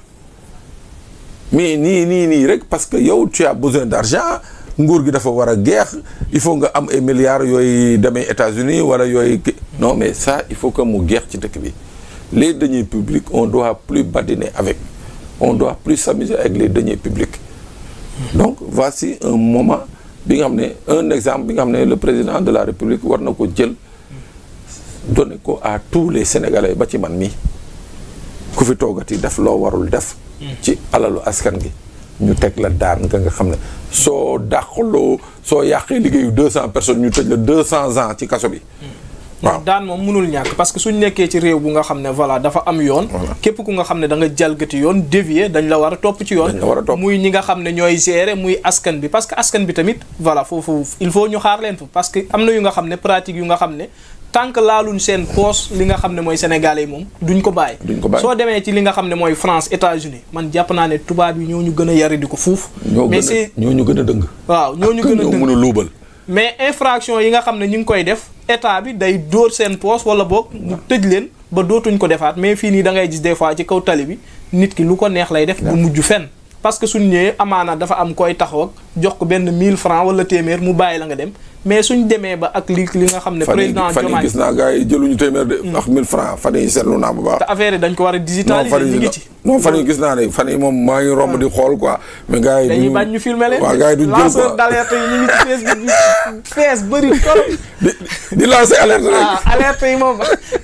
mais nii nii nii rek parce que yow tu as besoin d'argent nguur gi dafa war a geex il faut nga am ay milliards yooyu demee États-Unis wala yooyu non mais ça il faut que mu geex ci dëkk bi les deniers publique on doit plus badiner avec on doit plus s'amuser avec les deniers publique donc voici un moment bi nga xam ne un exemple bi nga xam ne le président de la République war na ko jël donné ko à tous les Sénégalais ba ci man mii ku fi toogati def loo warul def. ci alalu askan gi. ñu teg la daan nga nga xam ne soo dàqloo soo yàqee liggéeyu deux cent personnes ñu tëj la deux cent ans ci kaso bi. Hmm.
waaw daan moom mënul ñàkk parce que nekkee ci réew bu nga xam ne voilà dafa am yoon. képp ku nga xam ne da nga jalgati yoon dévier dañ la war a topp ci yoon. dañ la a topp muy ñi nga xam ne ñooy gérer muy askan bi parce que askan bi tamit voilà foofu il faut ñu xaar leen fa parce am na yu nga xam ne pratique tant que laaluñ seen poos li nga xam ne mooy sénégalais yi moom duñ ko bàyyi. duñ ko bàyyi soo demee ci li nga xam ne mooy France États-Unis man jàpp naa ne tubaab yi ñoo ñu gën a yari di ko fuuf. mais c'est
ñoo ñu gën a dëng.
waaw ñoo ñu gën a luubal. mais infraction yi nga xam ne ñu ngi koy def état bi day dóor seen poos wala boog mu tëj leen ba dootuñ ko defaat mais fii nii da ngay gis des fois ci kaw tali bi nit ki lu ko neex lay def. bu mujj fenn. parce que suñ ñëwee amaana dafa am koy taxaw ak jox ko benn mille francs wala téeméer mu bàyyi la nga dem mais suñ demee ba ak lii li nga xam ne président Diomaye gis naa
gars yi jëluñu téeméer de hmm. ak 1000 francs fan yi seetlu naa bu baax te affaire dañ ko war a digitaliser ñu ngi ci non fan yi gis naa ne fan yi moom maa ngi romb ah. di xool quoi mais gars yi dañuy ñu filmer leen waaw gars yi duñ
jël bëri <laughs>
trop alerte rek waaw ah,
alerte yi moom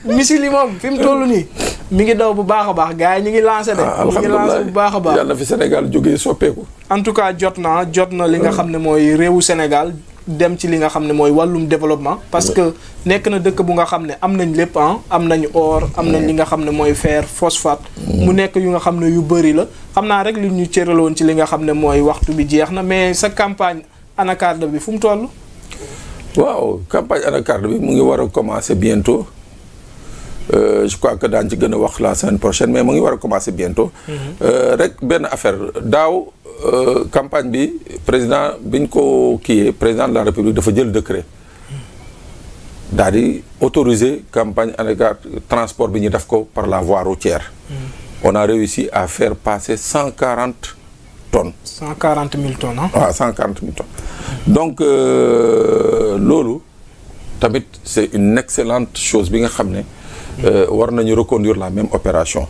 missile yi moom fi mu toll nii mi ngi daw bu baax a baax gars yi ñu ngi lancé de ah, ñu ngi lancé bu baax a baax
yàlla na fi Sénégal jógee soppeeku
en tout cas jot naa jot na li nga xam ne mooy réewu Sénégal dem ci li nga xam ne mooy wàllum développement. parce que nekk na dëkk bu nga xam ne am nañ lépp ah am nañ or am nañ li nga xam ne mooy fer phosphate. Mm. mu nekk yu nga xam ne yu bëri la. xam naa rek li ñu cëraloon ci li nga xam ne mooy waxtu bi jeex na mais sa campagne anacarde bi fu mu toll.
waaw campagne anacarde bi mu ngi war a commencer biento Euh, je crois que daañu ci gën a wax la semaine prochaine mais mu ngi war a commencer bientôt. Mm rek benn affaire daaw Euh, campagne bi président biñ ko kiiyee président de la république dafa jël décret daal di autoriser campagne en égard transport bi ñu def ko par la voie routière
hmm.
on a réussi à faire passer cent quarante tonnes. cent quarante mille tonnes ah. waaw cent quarante donc euh, loolu tamit c'est une excellente chose bi nga xam ne. Euh, war nañu reconduire la même opération.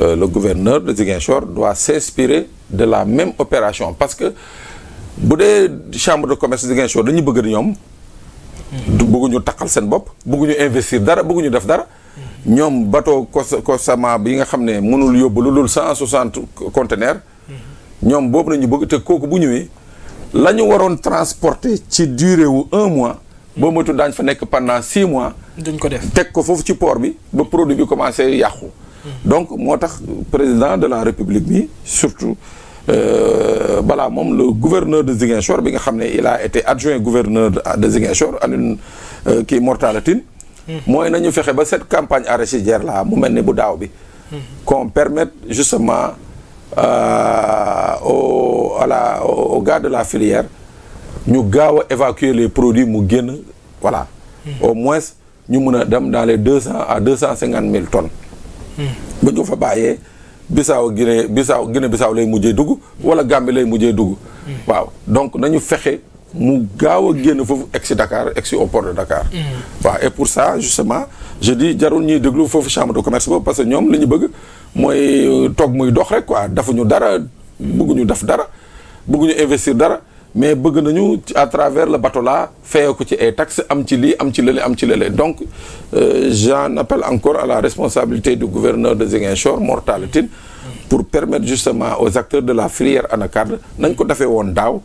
Euh, le gouverneur de Ziguinchor doit s'inspirer de la même opération parce que bu dee chambre de commerce Ziguinchor dañu bëgg di ñoom. bëgguñu takkal seen bopp bëgguñu investir dara bëgguñu def dara. ñoom bateau Kosama bi nga xam ne mënul yóbbu lu dul cent soixante conteneurs. ñoom boobu nañu bëgg te kooku bu ñëwee la ñu waroon transporter ci durée wu un mois. boo moytu daañ fa nekk pendant six mois. duñ ko def teg ko foofu ci poor bi ba produit bi commencé yàqu. donc moo tax président de la république bi surtout euh, balaa moom le gouverneur de Ziguinchor bi nga xam ne il a été adjoint gouverneur de Ziguinchor Alioune euh, kii Mortalla Tine mm-hmm. mooy nañu fexe ba cette campagne arachidière là mu mel ni bu daaw bi mm-hmm. qu'on permette justement euh, au à la de la filière ñu gaaw a évacuer les produits mu génn voilà mm-hmm. au moins ñu mën a dem dans les deux cent à deux cent cinquante mille tonnes bu ñu ko fa bàyyee Bissau Guinée Bissau Guinée Bissau lay mujjee dugg wala Gambie lay mujjee dugg waaw donc nañu fexe mu gaaw a génn foofu egg si Dakar egg si au port de Dakar mm. waaw et pour sa justement je dis jarul ñuy déglu foofu chambre de commerce boobu parce que ñoom li ñu bëgg mooy euh, toog muy dox rek quoi dafuñu dara ñu def dara bëgguñu investir dara mais bëgg nañu à travers le bato là fayee ko ci ay taxes am ci lii am ci lële am ci lële donc euh, j'en appelle encore à la responsabilité du gouverneur de Ziguinchor Mor Talla pour permettre justement aux acteurs de la frière anacarde nañ ko defee woon daaw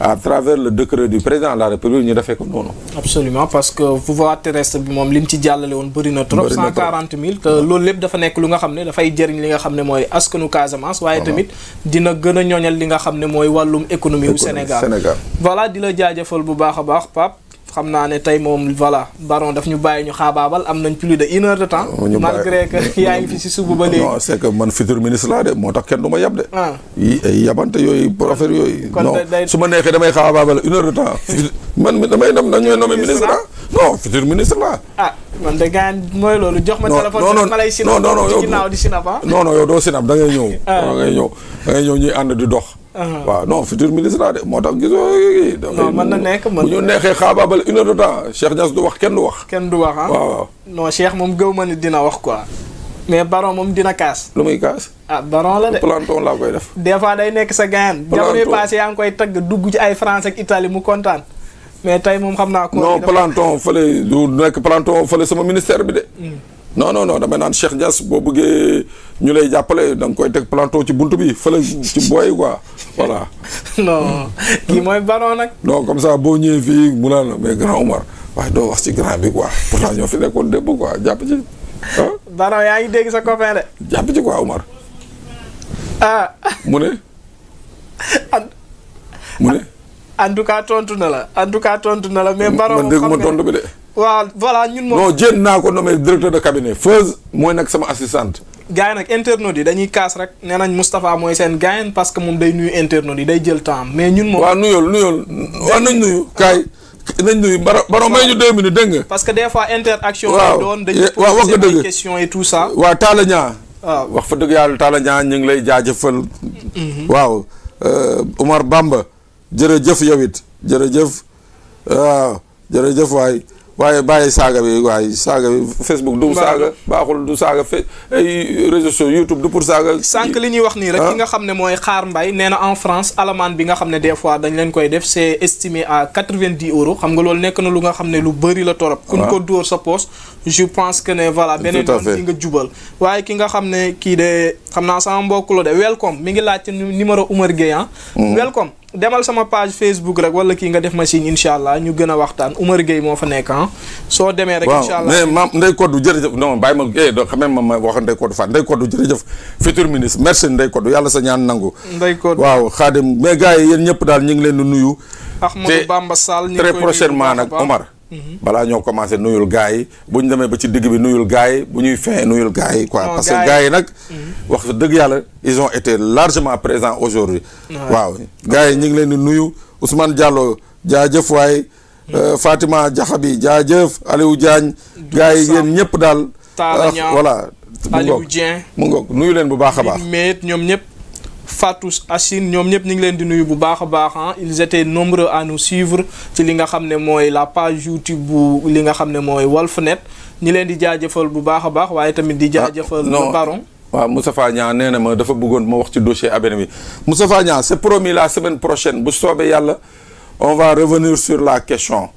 à travers le décret du président de la République ñu defee ko noonu.
absolument parce que pouvoir terrestre bi moom li mu ci jàllale woon bëri na trop. cent quarante mille te loolu lépp dafa nekk lu nga xam ne dafay jariñ li nga xam ne mooy askanu Casamance. waaye tamit dina gën a ñooñal li nga xam ne mooy wàllum économie. wu Sénégal voilà di la jaajëfal bu baax a baax Pape. xam naa ne tey moom voilà baron daf ñu bàyyi ñu xaabaabal am nañ plus de une heure de temps.
malgré que <laughs> yaa fi si suba ba léegi. non c' que man futur ministre laa de moo tax kenn du ma yab de. Ah. yi yabante yooyu pour affaire yooyu. non su ma neexee damay xaabaabal une heure de temps. <laughs> man mi damay nam dañu may nommé ministre ah. non futur ministre laa. ah man de gaañ mooy loolu jox ma téléphone. ma lay sinap non non non yow. ginnaaw di sinap ah. non non yow doo sinap ah. da ngay ñëw. da ngay ñëw ànd di dox. Ah. waaw non futur ministre laa de moo tax gisoo yii. non mën na nekk mën bu ñu neexee xaabaabal une heure de temps Cheikh Niass du wax kenn du wax.
kenn du wax ah waaw waaw. non Cheikh moom gëw ma ni dina wax quoi. mais baron moom dina kaas. lu muy kaas. ah baron la de planton laa def. des fois day nekk sa gaañan. planton jamono yi yaa ngi koy tagg dugg ci ay France ak Italie mu kontaan. mais tey moom xam naa. ko non planton
fële du nekk planton fële sama ministère bi de. Hmm. non non non damay naan Cheikh Niass boo lay jàppale da nga koy teg bi fële quoi. voilà. <laughs> non kii mooy baron nag. non comme ça boo ñëwee fii mu naan mais grand Omar waaye doo wax ci grand bi quoi pourtant ñoo fi nekkoon démb quoi jàpp ci yaa ngi dégg sa copain de. jàpp ci quoi Omar. ah. mu <laughs>
mu ne. en tout cas tontu na la en tout cas
tontu na la mais. baron man dégguma tontu bi de.
waaw voilà ñun
moom. non jéem naa ko nommé directeur de cabinet Feuz mooy nag sama assistante.
gars yi nag internautes yi dañuy kaas rek nee nañ Moustapha mooy seen gars parce que moom day nuyu internautes yi day jël temps mais ñun moom. waaw nuyool nuyool waaw nañ nuyu kaay.
nañ nuyu baro baro may ñu deux minutes dégg nga. parce
que des fois interaction. waaw doon dañuy dëgg des questions tout ça. waaw Talla Niang. waaw
wax fa dëgg yàlla Talla Niang ñu ngi lay jaajëfal. Mhm. waaw Umar euh, Bamba jërëjëf yow it jërëjëf waaw ah, jërëjëf waay. waaye bàyyi saaga bi waaye saaga bi Facebook du saaga baaxul du saaga fe ay réseaux sociaux YouTube du pour saaga. sànq li ñuy wax nii rek ah? ki nga xam ne mooy
xaar mbay nee na en France alamaan bi nga xam ne des fois dañ leen koy def c'est estimé à quatre-vingt-dix euros xam nga loolu nekk na lu nga xam ne lu bëri la torop kuñ ah? ko dóor sa poos je pense que ne voilà beneen yoon si nga jubal waaye ki nga xam ne kii de xam naa sama mbokk la de welcome mi ngi laajte numéro Oumar Gueye ah mhm. welcome demal sama page Facebook rek wala kii nga def machine incha allah ñu gën a waxtaan Oumar Gueye moo fa nekk ah. soo demee
rek incha allah mais maam Ndeye Kodou jërëjëf non bàyyi ma eh doo xamee ma ma wax Ndeye Kodou Fall Ndeye Kodou jërëjëf futur ministre merci Ndeye Kodou yàlla sa ñaan nangu Ndeye Kodou waaw xaadim mais gars yi yéen ñëpp daal ñu ngi leen di nuyu Ahmadou Bamba Sall très prochainement nag Omar Mhm. balaa ñoo commencé nuyul gars yi bu ñu demee ba ci digg bi nuyul gars yi bu ñuy fin nuyul gars yi quoi parce que gars yi nag mhm. wax dëgg yàlla ils ont été largement présents aujourd'hui waaw gars yi ñu ngi leen di nuyu Ousmane Diallo jaajëf waay mhm. euh, Fatima Diakhabi jaajëf Aliou Diagne gars yi yéen ñëpp daal ah, voilà mu ngoog nuyu leen bu baax a baax ñoom ñëpp faatu
Assine ñoom ñëpp ñu ngi leen di nuyu bu baax a baax ah. ils étaient nombreux à nous suivre ci li nga xam ne mooy la page YouTube bu li nga xam ne mooy Walfnet ñi leen di jaajëfal bu baax a baax
waaye tamit di ah,
jaajëfal le baron
waaw Moustapha Niang nee na ma dafa bëggoon ma wax ci dossier ABN bi Moustapha Niang c'est promis la semaine prochaine bu soobee yàlla on va revenir sur la question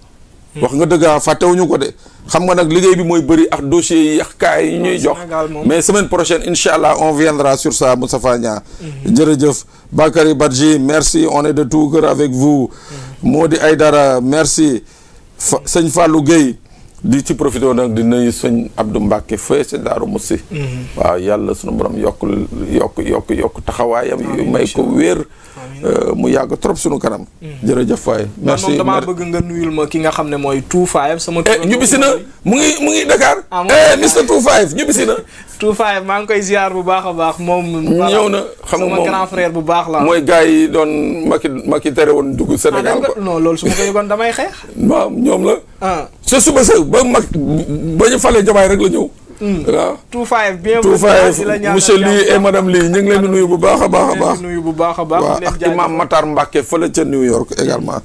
wax nga dëgg ah fàttewuñu ko de xam nga nag liggéey bi mooy bëri ak dossiers yi ak ñuy jox mais semaine prochaine incha allah on viendra sur ça Moustapha Niang mhm. jërëjëf Bakary Badji merci on est de tout cœur avec vous mhm. Modi Aydara merci fa sëñ Fallou Gueye di ci profité nag di sëñ Abdou Mbacke fee ci Daaru Musi mhm. waaw yàlla sunu borom yokk yokk yokk yokk taxawaayam may ko wér Euh, mu yàgg trop sunu kanam. Mm. jërëjëf waay. merci man damaa
nga nuyul ma ki nga xam ne mooy Two Five sama. Eh, ñu bisi na mu ngi mu ngi Dakar. ah Mr eh, Two Five ñu na. <laughs> maa ngi koy ziar bu baax a baax moom. ñëw na xam nga moom bu
baax la mooy gars yi doon Macky Macky tere woon dugg ah, Sénégal quoi. non loolu su ma ko yëgoon damay xeex. <laughs> waaw ñoom la. Ah. sa suba sa ba mag ba ñu falee jabaay rek la ñëw. waaw mm.
tout five bien tout five monsieur lii et
madame lii ñu ngi leen di nuyu bu baax a baax a baax nuyu bu baax a baax waaw ak imam Matar Mbacke fële ca New York également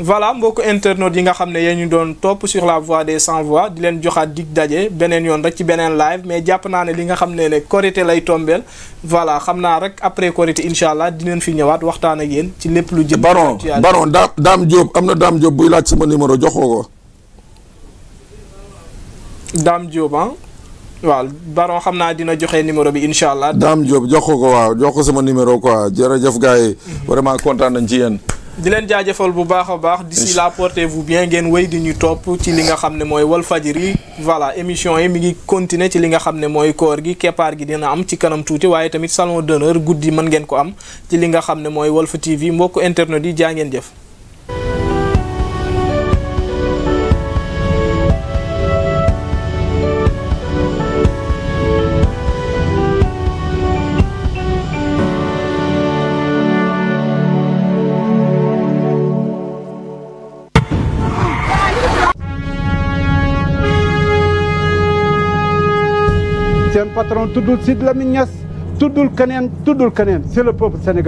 voilà mbokku internautes yi nga xam ne yéen ñu doon topp sur la voie des sans voix di leen joxaat dig daje beneen yoon rek ci beneen live mais jàpp naa ne li nga xam ne ne korité lay tombeel voilà xam naa rek après korité incha allah dinañ fi ñëwaat waxtaan ak yéen ci lépp lu jëm. baron baron daam daam Diop am na daam Diop buy laaj sama
numéro joxoo ko.
daam Diop ah. waa baron xam naa dina joxe numéro bi
incha allah. daam Diop jox ko ko waaw jox ko sama numéro quoi jërëjëf gars yi. Mhm. vraiment kontaan nañ ci yéen.
di leen jaajëfal bu baax a baax d'ici là portez-vous bien ngeen wéy di ñu topp ci li nga xam ne mooy yi voilà émission yi mi ngi continuer ci li nga xam ne mooy koor gi keppaar gi dina am ci kanam tuuti waaye tamit salon d'honneur guddi mën ngeen ko am ci li nga xam ne mooy Walf TV mbokk internet yi jaa ngeen
patron tuddul Sidy Lamine Niass tuddul keneen tuddul keneen c'est le peuple sénégalais